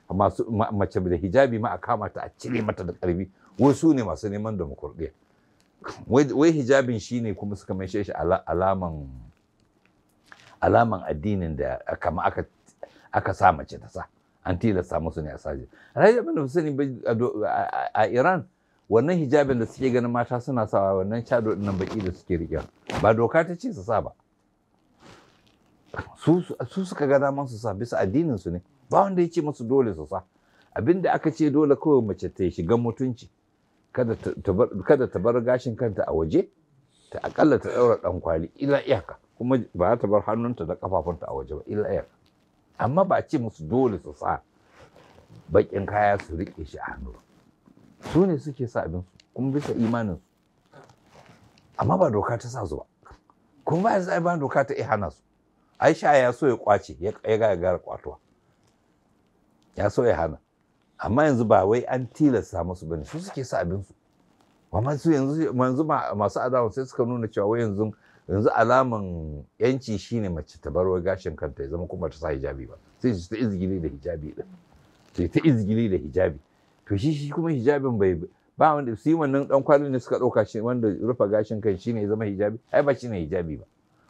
masu mace da hijabi ma a kama ta a cire mata da karbi wai su ne masu neman da makurdiya wai hijabin shine kuma suka mai shi alaman alaman addinin da kama aka aka sa mace ta sa an tilasta musu ne a saji alhaji abin da sani a iran wannan hijabin da suke ganin mata suna sawa wannan din nan baki da suke riƙe ba doka ta ce su sa ba su suka ga daman su sa bisa addinin su ne ba wanda ya ce musu dole su sa abin da aka ce dole kawai mace ta shiga mutunci kada ta bar gashin kanta a waje ta akalla ta ɗaura ɗan kwali ila iyaka kuma ba za ta bar hannunta da kafafunta a waje ba illa amma ba ce musu dole su sa baƙin kaya su riƙe shi a hannu su ne suke sa abin su. kuma bisa imanin amma ba doka ta sa su ba kuma ba za ba doka ta iya hana su aisha ya so ya kwace ya ga gara kwatuwa ya so ya hana amma yanzu ba wai an tilasta musu bane su suke sa abin su amma su yanzu yanzu masu adawa sai suka nuna cewa wai yanzu yanzu alaman yanci shine mace ta bar gashin kanta ya zama kuma ta sa hijabi ba sai ta izgili da hijabi din sai ta izgili da hijabi to shi shi kuma hijabin bai ba wanda su wannan dan kwalin ne suka dauka shi wanda rufe gashin kan shine ya zama hijabi ai ba shine hijabi ba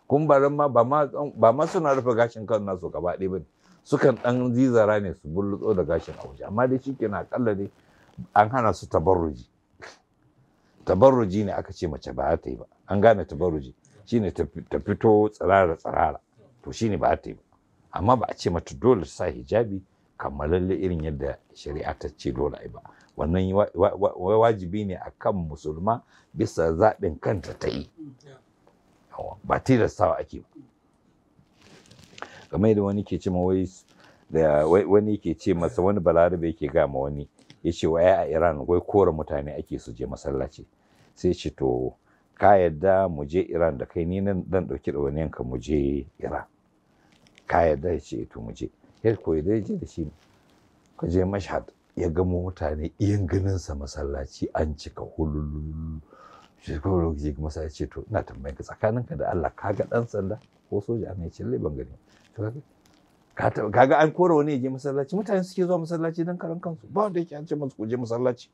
kun baran ma ba ma suna rufe gashin kan nasu gaba ɗaya ba sukan dan zizara ne su bullutso da gashin a waje amma dai na akalla ne. an hana su tabarruji tabarruji ne aka ce mace ba ta yi ba an gane tabarruji shine ta fito tsirara tsirara to shine ba ta yi ba amma ba a ce mata dole sa hijabi kammalalle irin yadda shari'a ta ce dole ai ba wannan wajibi ne akan musulma bisa zaɓin kanta ta yi ba tilastawa ake ba kamar da wani ke ce ma wai da wani ke ce masa wani balarabe yake ga ma wani ya ce wai a Iran wai kora mutane ake su je masallaci sai ce to ka yadda mu je Iran da kai ni nan dan dauki wani ka mu je Iran ka yadda ya ce eh to mu je ya koyi da je da shi ka je Mashhad ya gamo mutane iyan ganin sa masallaci an cika hululu shi ko lokaci kuma sai ce to ina tambayan ka tsakaninka da Allah ka ga dan sanda ko soja ne ce lai ban gani ga an kora wani ya je masallaci mutane suke zuwa masallaci don karan kansu ba wanda yake an ce masu kuje masallaci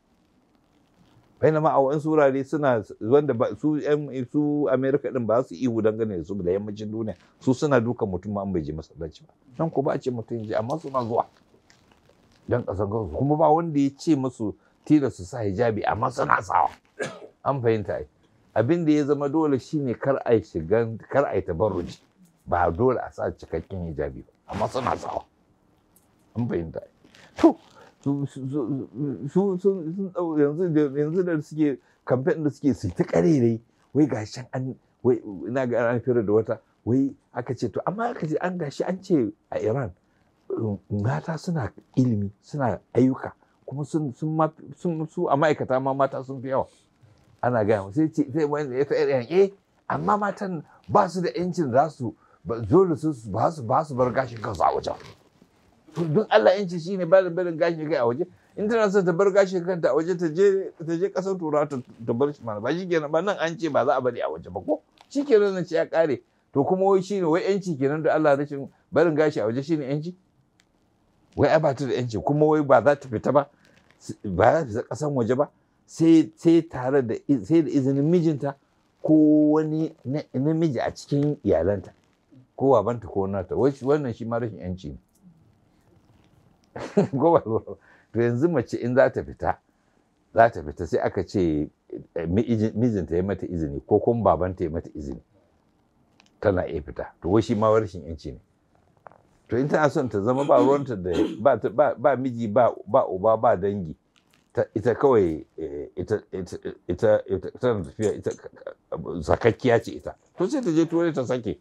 bainama a wani wurare suna wanda ba su yan su america din ba su ihu dangane da su da yammacin duniya su suna duka mutum ma an bai je masallaci ba nan ko ba a ce mutum je amma suna zuwa dan kasan kuma ba wanda ya ce musu tilas su sa hijabi amma suna sawa an fahimta ai abin da ya zama dole shine kar a shiga kar a yi tabarruji ba dole a sa cikakken hijabi ba amma suna sawa an fahimta ai to su sun ɗau yanzu yanzu da suke kamfen da suke su ta kare dai wai ga an wai ina ga an fira da wata wai aka ce to amma aka ce an gashi an ce a Iran mata suna ilimi suna ayyuka kuma sun sun su a ma'aikata ma mata sun fi yawa ana gaya sai ce sai wani ya tsaya eh amma matan ba su da yancin za su dole su ba su bar gashin kansu a wajen to duk Allah yanci shine ba da barin gashi kai a waje in tana so ta bar gashi kanta a waje ta je ta je kasar tura ta bar shi mana ba shikenan ba nan an ce ba za a bari a waje ba ko shikenan nan ce ya kare to kuma wai shine wai yanci kenan da Allah rashin barin gashi a waje shine yanci wai a ba da yanci kuma wai ba za ta fita ba ba za ta fita kasan waje ba sai sai tare da sai da izinin mijinta ko wani namiji a cikin iyalanta ko babanta ko nata wannan shi ma rashin yanci ne ko ba to yanzu mace in za ta fita za ta fita sai aka ce eh, mijinta ya mata izini ko kuma babanta ya mata izini tana iya fita to wai shi ma rashin yanci ne to in tana son ta zama ba ruwanta da ba miji ba uba ba dangi ita kawai eh, ita tana tafiya ita eh, sakakkiya ce ita to sai ta je turai ta sake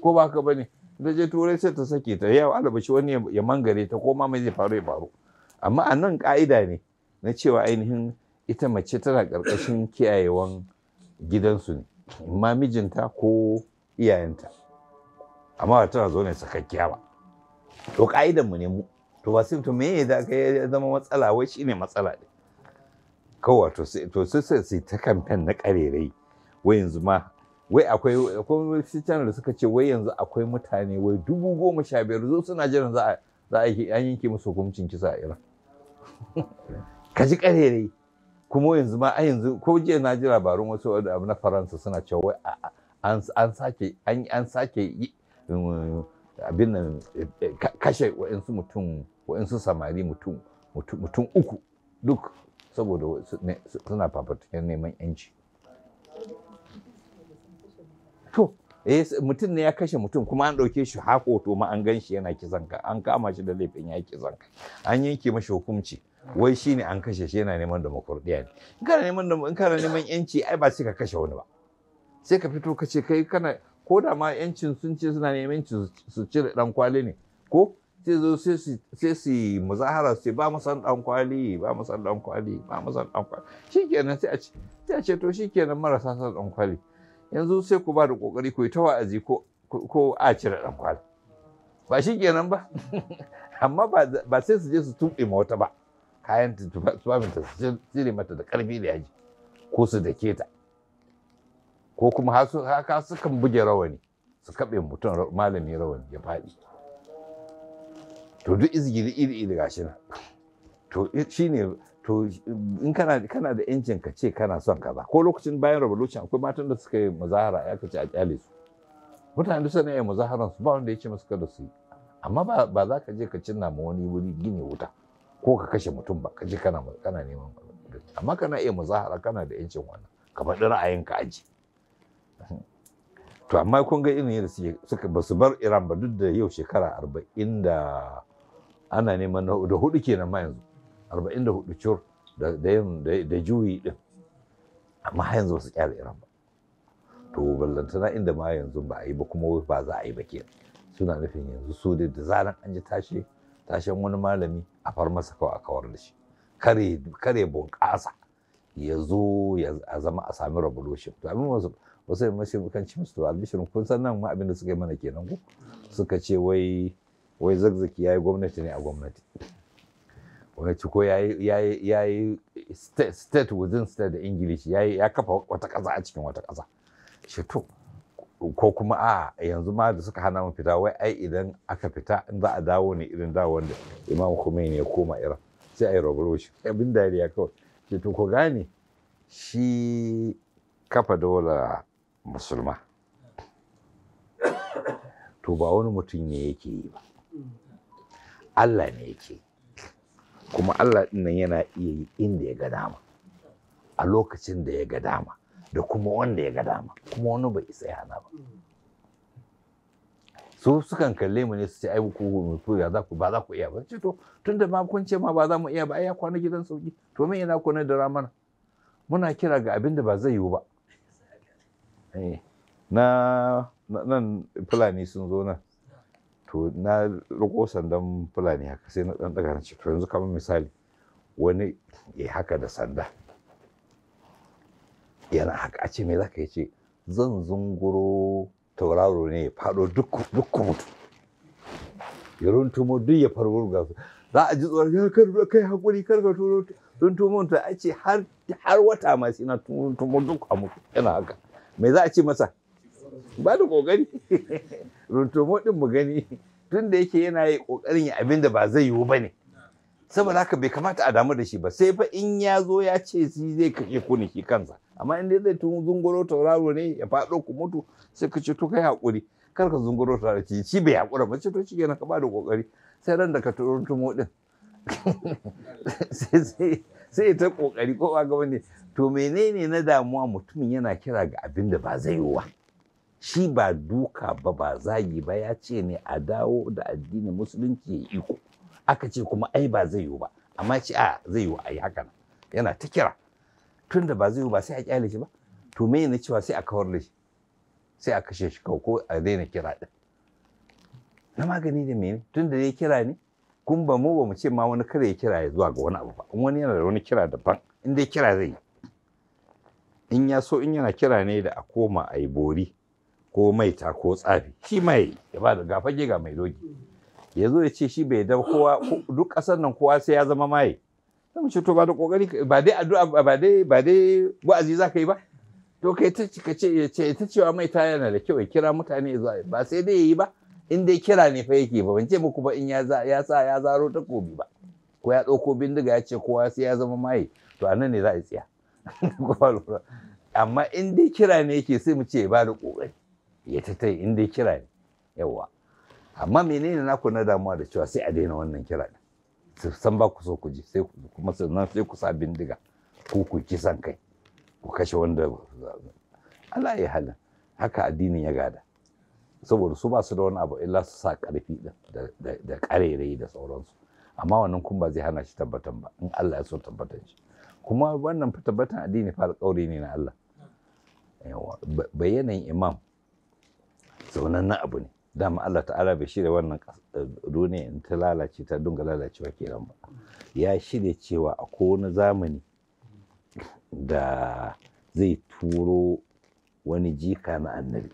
ko ba ka ba ne da je turai sai ta sake ta alaba shi wani ya mangare ta koma mai zai faru ya faru amma a nan ka'ida ne na cewa ainihin ita mace tana karkashin kiyayewan gidansu ne ma mijinta ko iyayenta amma ba tana zaune sakakkiya ba to ka'idan mu ne mu to ba sai to meye da aka ya zama matsala wai shine matsala ne kawai to sai to sai sai ta kamfen na karerai wai yanzu ma wai akwai akwai channel da suka ce wai yanzu akwai mutane wai dubu goma sha biyar zo suna jiran za a a yi an yanke musu hukuncin kisa a Iran ka ji karere kuma yanzu ma a yanzu ko jiya na ji labarun wasu abu na Faransa suna cewa wai an sake an sake um, abin nan eh, kashe wa'insu mutum wa'insu samari mutum mutum uku duk saboda suna fafataken neman yanci to eh, mutum ne ya kashe mutum kuma an ɗauke shi haƙo to ma an gan shi yana kisan ka an kama shi da laifin ya kisan ka an yanke mashi hukunci wai shi ne an kashe shi yana neman demokradiya ne in kana neman in kana neman ƴanci, ai ba sai ka kashe wani ba sai ka fito ka ce kai kana ko da ma ƴancin sun ce suna neman ci su cire ɗan kwali ne ko sai zo sai su muzahara su ba mu san ɗan kwali ba mu san ɗan kwali ba mu san ɗan kwali shi sai a ce sai a ce to kenan marasa san ɗan kwali yanzu sai ku ba da ƙoƙari ku yi ta wa'azi ko a cire ɗan kwali ba shi kenan ba amma ba sai su je su tuɓe mota ba kayan tufafinta su cire mata da ƙarfi da yaji ko su da ta ko kuma haka sukan buge rawani su kaɓe mutum malami rawani ya faɗi to duk izgiri iri iri gashi nan to ne to in kana kana da injin ka ce kana son kaza ko lokacin bayan revolution akwai matan da suka yi muzahara ya kace a kyale su mutane duk yi muzaharan su ba wanda ya ce musu kada su yi amma ba za ka je ka cinna ma wani wuri gini wuta ko ka kashe mutum ba ka je kana kana neman amma kana iya muzahara kana da yancin wannan ka faɗi ra'ayinka aji to amma kun ga irin yadda suka ba su bar Iran ba duk da yau shekara arba'in da ana neman da hudu kenan ma yanzu 44 cur da yin da juyi din amma har yanzu ba su kyale iran ba to ballantana inda ma yanzu ba a yi ba kuma ba za a yi ba ke suna nufin yanzu su dai da zaran an ji tashi tashin wani malami a far masa kawai a kawar da shi kare kare bunƙasa ya zo ya zama a sami revolution to abin wasu wasu yin mashi kan ci musu albishirin kun san nan ma abin da suka yi mana kenan ku suka ce wai wai zagzaki ya yi gwamnati ne a gwamnati wacce ko ya yi state within state da english ya kafa wata ƙasa a cikin wata ƙasa shi to ko kuma a yanzu ma da suka hana mu fita wai ai idan aka fita in za a dawo ne irin dawon da imam Khomeini ya koma iran sai a yi shi abin dariya kawai shi to ko gane shi kafa dola musulma to ba wani mutum ne yake yi ba Allah ne yake yi kuma Allah ɗin nan yana iya yi inda ya ga dama a lokacin da ya ga dama da kuma wanda ya ga dama kuma wani bai isa ya ba su sukan kalle mu ne su ce ai ku mu to ya za ku ba za ku iya ba ce to tunda ma kun ce ma ba za mu iya ba ai ya kwana gidan sauki to me ina kwana da ramana muna kira ga abin da ba zai yiwu ba eh, na nan fulani sun zo nan to na riko sandan fulani haka sai na ɗan ɗaga na ce to yanzu kamar misali wani ya haka da sanda yana haka a ce me za ka yi ce zan zunguro tauraro ne ya faɗo duk mutu ya runtumo duk ya farburga su za a ji tsoron ya karbi kai hakuri karka turo runtumo ta a ce har wata ma sai na runtumo duk a mutu yana haka me za a ce masa ba da kokari Runtumo din mu gani tun da yake yana yi kokarin ya abin ba zai yiwu ba ne saboda haka bai kamata a damu da shi ba sai fa in ya zo ya ce shi zai kake kuni ki kansa amma in dai zai tun zunguro tauraro ne ya faɗo ku mutu sai ka ce to kai haƙuri kar ka zunguro tauraro ce shi bai haƙura ba ce to shi kenan ka ba da kokari sai ran da ka runtumo din sai ta kokari ko ba ga wani to menene na damuwa mutumin yana kira ga abinda ba zai yiwu ba shi ba duka ba ba zagi ba ya ce ne a dawo da addinin musulunci ya iko aka ce kuma ai ba zai yiwu ba amma ce a zai yiwu ai haka nan yana ta kira tun da ba zai yiwu ba sai a kyale shi ba to me ne cewa sai a kawar da shi sai a kashe shi kawai ko a daina kira din na magani da mene tun da ya kira ne kun ba mu ba mu ce ma wani kare ya kira ya zuwa ga wani abu ba in wani yana da wani kira daban in dai kira zai yi in ya so in yana kira ne da a koma a yi bori ko maita ko tsafi shi mai ya ba da gafage ga mai doki ya zo ya ce shi bai da kowa duk ƙasar nan kowa sai ya zama maye sai mu ce to ba da kokari ba dai addu'a ba dai ba dai wa'azi ka yi ba to kai ta ka ce ya ce ta cewa mai ta yana da kyau ya kira mutane ya zo ba sai dai ya yi ba in dai kira ne fa yake ba ban ce muku ba in ya za ya sa ya zaro takobi ba ko ya ɗauko bindiga ya ce kowa sai ya zama maye to a nan ne za a tsaya amma in dai kira ne yake sai mu ce ba da kokari ya ta ta in dai kira ne yawa amma menene naku na damuwa da cewa sai a daina wannan kira ne san ba ku so ku ji sai ku kuma sannan sai ku sa bindiga ku ku san kai ku kashe wanda Allah ya halin haka addinin ya gada saboda su ba su da wani abu illa su sa karfi da karerai da sauransu amma wannan kun ba zai hana shi tabbatan ba in Allah ya so tabbatan shi kuma wannan tabbatan addini fara alƙawari ne na Allah bayanan imam zaunannen abu ne dama Allah ta'ala bai shirya wannan duniya in ta lalace ta dunga lalacewa kenan ba ya shirya cewa a kowane zamani da zai turo wani jika na annabi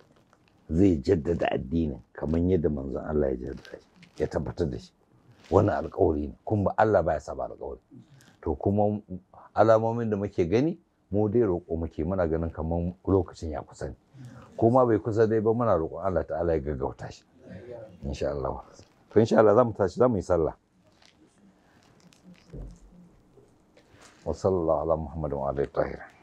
zai jaddada addinin kamar yadda manzon Allah ya jaddada ya tabbatar da shi wannan alkawari ne kuma Allah baya saba alkawari to kuma alamomin da muke gani mu dai roƙo muke muna ganin kamar lokacin ya kusa ne ko bai kusa dai ba muna roƙon Allah ta'ala ya gaggauta shi insha Allah to insha Allah zamu tashi zamu yi sallah wa sallallahu ala muhammadin wa alihi tahirin